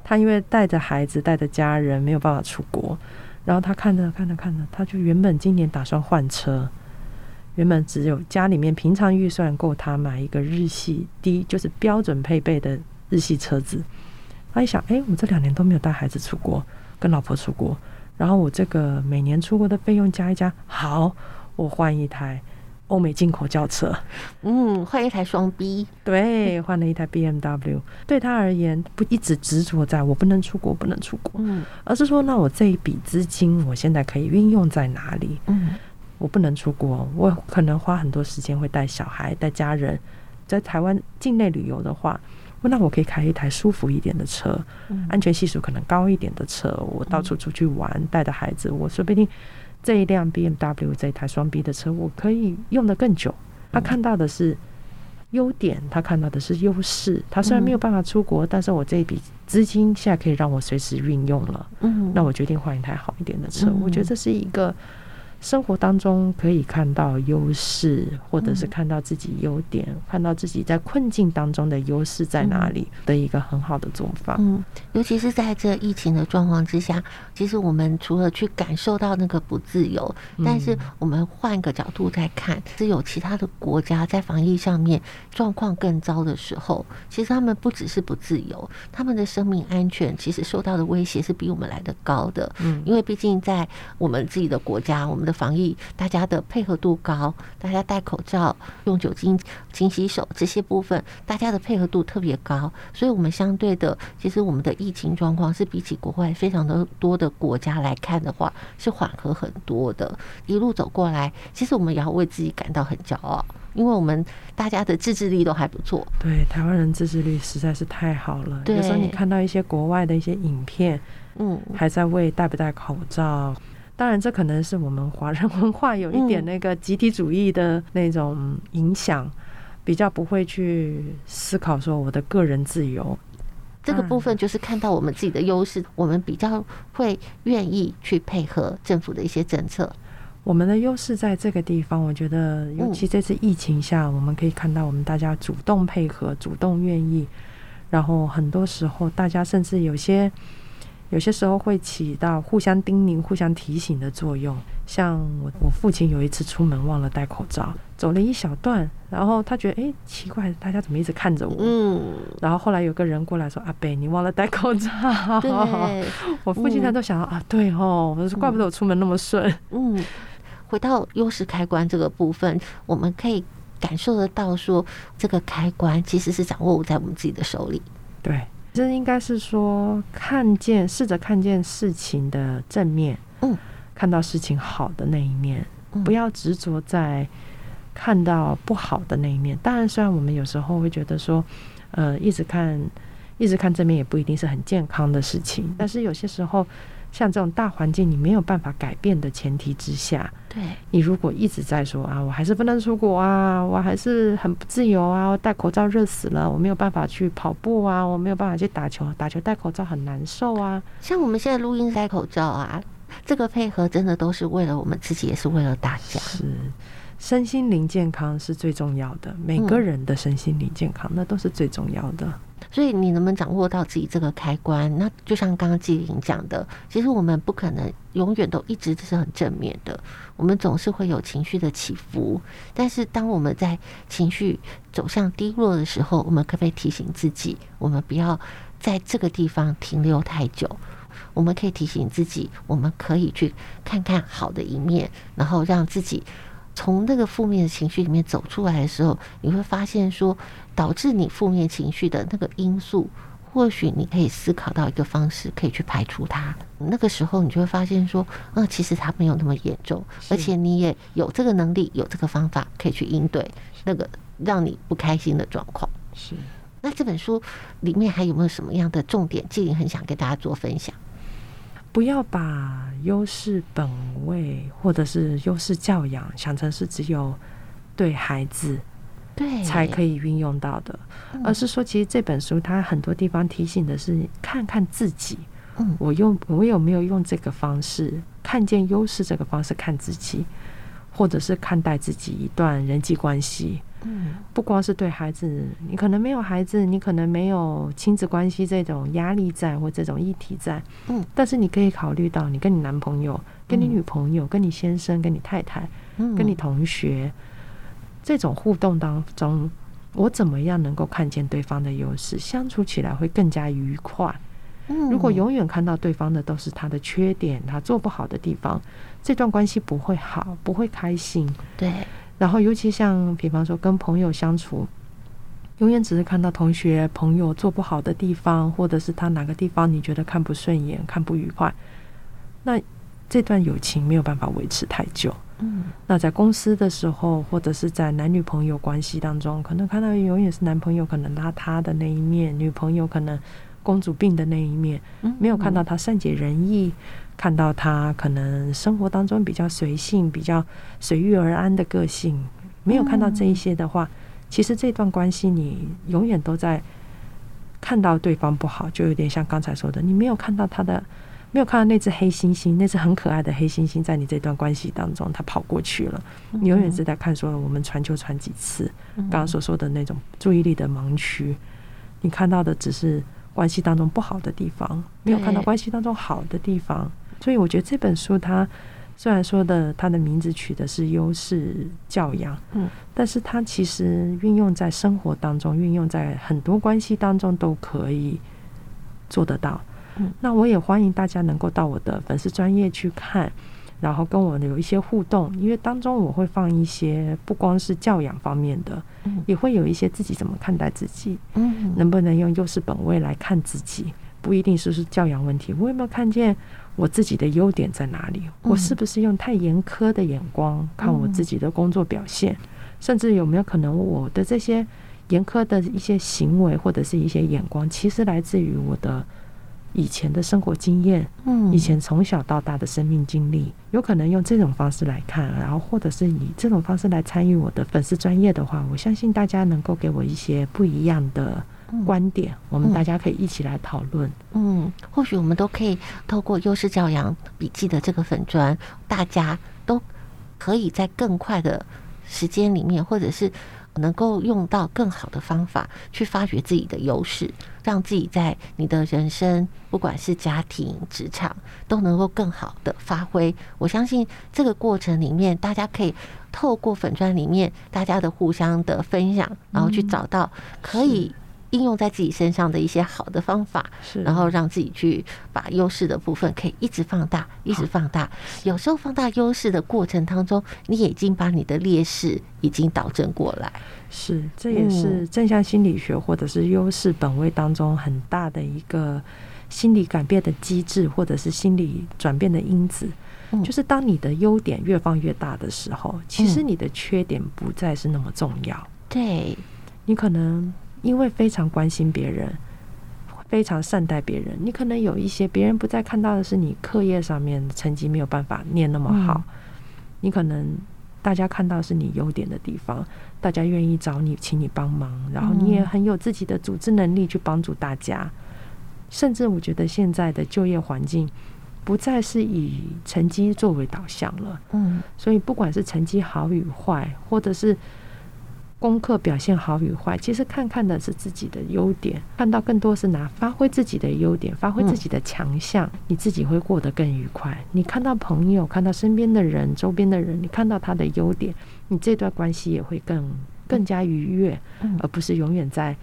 他因為帶着孩子、帶着家人沒有辦法出國，然後他看着看着看着，他就原本今年打算換車。原本只有家裡面平常預算夠他買一個日系低，就是標準配備的日系車子。他一想，哎、欸，我這兩年都沒有帶孩子出國，跟老婆出國，然後我這個每年出國的費用加一加，好，我換一台歐美進口轎車，嗯，換一台雙 B，對，換了一台 BMW。對他而言，不一直執着在我不能出國，不能出國，嗯，而是說，那我這一筆資金，我現在可以運用在哪裡？嗯。我不能出國，我可能花很多時間會帶小孩、帶家人，在台灣境內旅遊的話，那我可以開一台舒服一點的車，嗯、安全係數可能高一點的車。我到處出去玩，嗯、帶着孩子，我說不定這一輛 BMW 這一台雙 B 的車，我可以用得更久。他看到的是優點，他、嗯、看到的是優勢。他雖然沒有辦法出國，但是我這一筆資金現在可以讓我隨時運用了。嗯、那我決定換一台好一點的車。嗯、我覺得這是一個。生活當中可以看到優勢，或者是看到自己優點，嗯、看到自己在困境當中的優勢在哪裡、嗯、的一個很好的做法。嗯，尤其是在這疫情的狀況之下，其實我們除了去感受到那個不自由，嗯、但是我們換一個角度再看，只有其他的國家在防疫上面狀況更糟的時候，其實他們不只是不自由，他們的生命安全其實受到的威脅是比我們來得高的。嗯，因為畢竟在我們自己的國家，我們的防疫，大家的配合度高，大家戴口罩、用酒精、勤洗手這些部分，大家的配合度特別高，所以，我們相對的，其實我們的疫情狀況是比起國外非常的多的國家來看的話，是緩和很多的。一路走過來，其實我們也要為自己感到很驕傲，因為我們大家的自制力都還不錯。對，台灣人自制力實在是太好了。對，有時候你看到一些國外的一些影片，嗯，還在為戴不戴口罩。當然，這可能是我們華人文化有一點那個集體主義的那種影響，嗯、比較不會去思考說我的個人自由。這個部分就是看到我們自己的優勢，嗯、我們比較會願意去配合政府的一些政策。我們的優勢在這個地方，我覺得，尤其這次疫情下，嗯、我們可以看到我們大家主動配合、主動願意，然後很多時候大家甚至有些。有些時候會起到互相叮嚀、互相提醒的作用。像我，我父親有一次出門忘了戴口罩，走了一小段，然後他覺得，哎、欸，奇怪，大家怎麼一直看着我？嗯。然後後來有個人過來說：“阿北，你忘了戴口罩。對”我父親他都想、嗯、啊，對哦，我說怪不得我出門那麼順。嗯，回到優勢開關這個部分，我們可以感受得到說，說這個開關其實是掌握在我們自己的手裡。對。其實應該是說，看見試着看見事情的正面，嗯，看到事情好的那一面，不要執着在看到不好的那一面。當然，雖然我們有時候會覺得說，呃，一直看一直看正面也不一定是很健康的事情，但是有些時候。像這種大環境，你沒有辦法改變的前提之下，對，你如果一直在說啊，我還是不能出國啊，我還是很不自由啊，我戴口罩熱死了，我沒有辦法去跑步啊，我沒有辦法去打球，打球戴口罩很難受啊。像我們現在錄音戴口罩啊，這個配合真的都是為了我們自己，也是為了大家。是。身心靈健康是最重要的，每個人的身心靈健康、嗯、那都是最重要的。所以你能不能掌握到自己這個開關？那就像剛剛冀苓講的，其實我們不可能永遠都一直都是很正面的，我們總是會有情緒的起伏。但是當我們在情緒走向低落的時候，我們可不可以提醒自己，我們不要在這個地方停留太久？我們可以提醒自己，我們可以去看看好的一面，然後讓自己。從那個負面的情緒裡面走出來的時候，你會發現說，導致你負面情緒的那個因素，或許你可以思考到一個方式，可以去排除它。那個時候，你就會發現說，啊、呃，其實它沒有那麼嚴重，而且你也有這個能力，有這個方法可以去應對那個讓你不開心的狀況。是。那這本書裡面還有沒有什麼樣的重點？冀苓很想跟大家做分享。不要把優勢本位或者是優勢教養想成是只有對孩子，才可以運用到的。對而是說，其實這本書它很多地方提醒的是，看看自己，嗯，我用我有沒有用這個方式看見優勢這個方式看自己，或者是看待自己一段人際關係。嗯，不光是對孩子，你可能沒有孩子，你可能沒有親子關係這種壓力在或這種議題在。嗯，但是你可以考慮到，你跟你男朋友、跟你女朋友、嗯、跟你先生、跟你太太、跟你同學、嗯、這種互動當中，我怎麼樣能夠看見對方的優勢，相處起來會更加愉快。嗯，如果永遠看到對方的都是他的缺點，他做不好的地方，這段關係不會好，不會開心。對。然後，尤其像比方說跟朋友相處，永遠只是看到同學朋友做不好的地方，或者是他哪個地方你覺得看不順眼、看不愉快，那這段友情沒有辦法維持太久。嗯。那在公司的時候，或者是在男女朋友關係當中，可能看到永遠是男朋友可能邋遢的那一面，女朋友可能公主病的那一面，沒有看到他善解人意。嗯嗯看到他可能生活當中比較隨性、比較隨遇而安的個性，沒有看到這一些的話，其實這段關係你永遠都在看到對方不好，就有點像剛才說的，你沒有看到他的，沒有看到那隻黑猩猩，那隻很可愛的黑猩猩在你這段關係當中，他跑過去了。你永遠是在看，說我們傳球傳幾次，剛剛，嗯哼，所說的那種注意力的盲區，你看到的只是關係當中不好的地方，沒有看到關係當中好的地方。所以我覺得這本書它雖然說的它的名字取的是優勢教養，嗯，但是它其實運用在生活當中，運用在很多關係當中都可以做得到。嗯，那我也歡迎大家能夠到我的粉絲專頁去看，然後跟我有一些互動，因為當中我會放一些不光是教養方面的，嗯，也會有一些自己怎麼看待自己，嗯哼，能不能用優勢本位來看自己。不一定是是教養問題，我有沒有看見我自己的優點在哪裡？我是不是用太嚴苛的眼光看我自己的工作表現？嗯，甚至有沒有可能我的這些嚴苛的一些行為或者是一些眼光，其實來自於我的以前的生活經驗，嗯，以前從小到大的生命經歷，有可能用這種方式來看，然後或者是以這種方式來參與我的粉絲專頁的話，我相信大家能夠給我一些不一樣的。觀點，我們大家可以一起來討論。嗯，或許我們都可以透過優勢教養筆記的這個粉磚，大家都可以在更快的時間裡面，或者是能夠用到更好的方法去發掘自己的優勢，讓自己在你的人生，不管是家庭、職場，都能夠更好的發揮。我相信這個過程裡面，大家可以透過粉磚裡面大家的互相的分享，然後去找到可以。應用在自己身上的一些好的方法，是然後讓自己去把優勢的部分可以一直放大，好一直放大。有時候放大優勢的過程當中，你已經把你的劣勢已經導正過來。是，這也是正向心理學或者是優勢本位當中很大的一個心理改變的機制，或者是心理轉變的因子。嗯、就是當你的優點越放越大的時候，其實你的缺點不再是那麼重要。對、嗯、你可能。因為非常關心別人，非常善待別人，你可能有一些別人不再看到的是你課業上面成績沒有辦法念那麼好，嗯、你可能大家看到是你優點的地方，大家願意找你請你幫忙，然後你也很有自己的組織能力去幫助大家，嗯、甚至我覺得現在的就業環境不再是以成績作為導向了，嗯，所以不管是成績好與壞，或者是。功課表現好與壞，其實看看的是自己的優點，看到更多是拿發揮自己的優點，發揮自己的強項，你自己會過得更愉快。你看到朋友，看到身邊的人、周邊的人，你看到他的優點，你這段關係也會更更加愉悅，而不是永遠在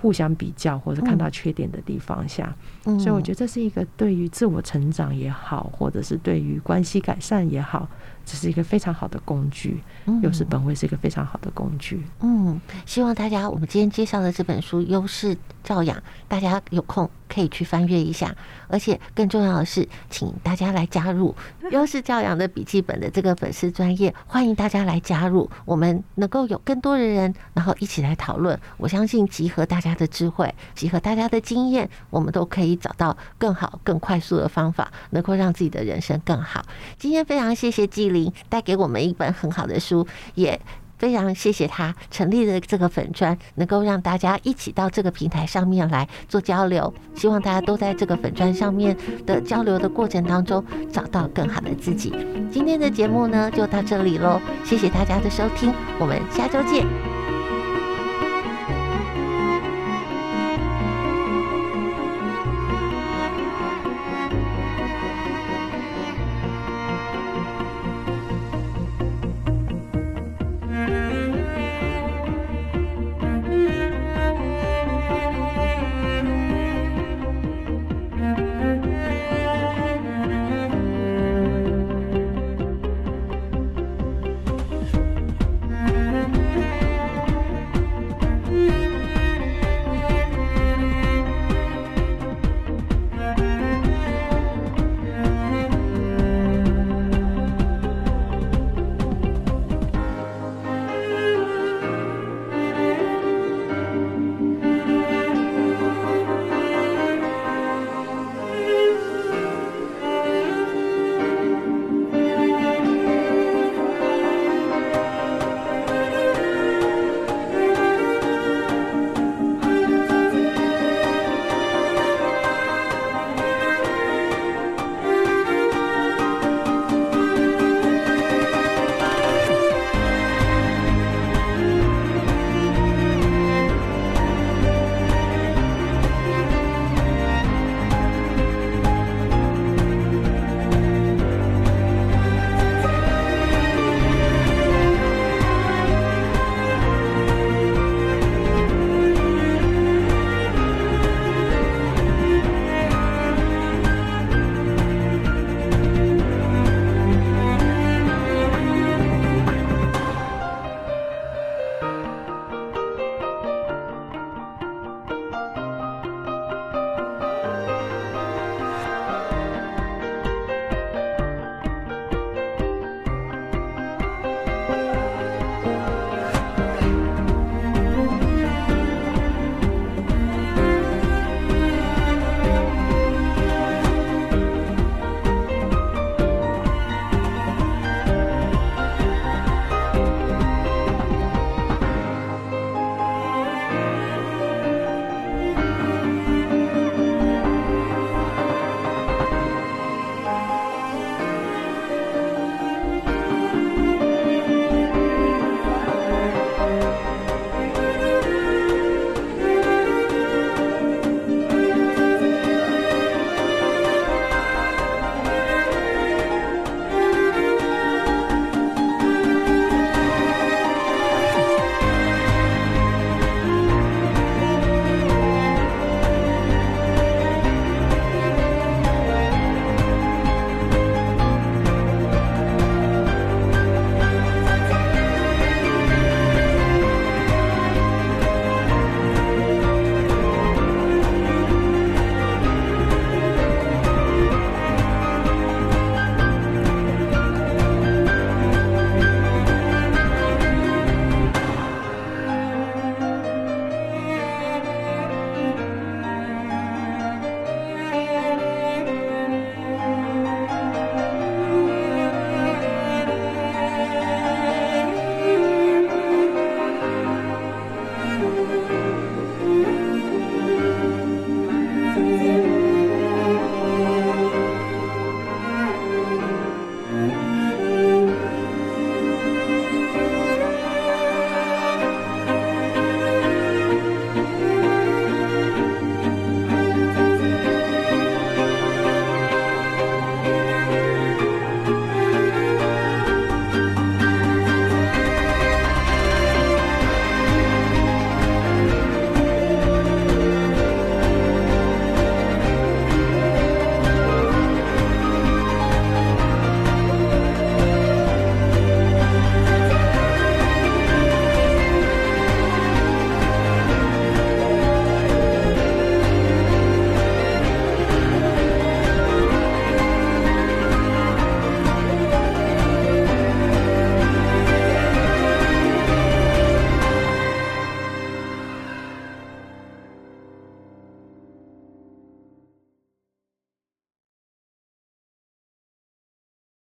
互相比較或者看到缺點的地方下。所以我覺得這是一個對於自我成長也好，或者是對於關係改善也好，這是一個非常好的工具。優勢本位是一個非常好的工具。嗯，希望大家我們今天介紹的這本書《優勢教養》，大家有空可以去翻閱一下。而且更重要的是，請大家來加入《優勢教養》的筆記本的這個粉絲專頁，歡迎大家來加入。我們能夠有更多的人，然後一起來討論。我相信，集合大家的智慧，集合大家的經驗，我們都可以。找到更好、更快速的方法，能夠讓自己的人生更好。今天非常謝謝冀苓帶給我們一本很好的書，也非常謝謝他成立的這個粉專，能夠讓大家一起到這個平台上面來做交流。希望大家都在這個粉專上面的交流的過程當中，找到更好的自己。今天的節目呢，就到這裡嘍，謝謝大家的收聽，我們下周見。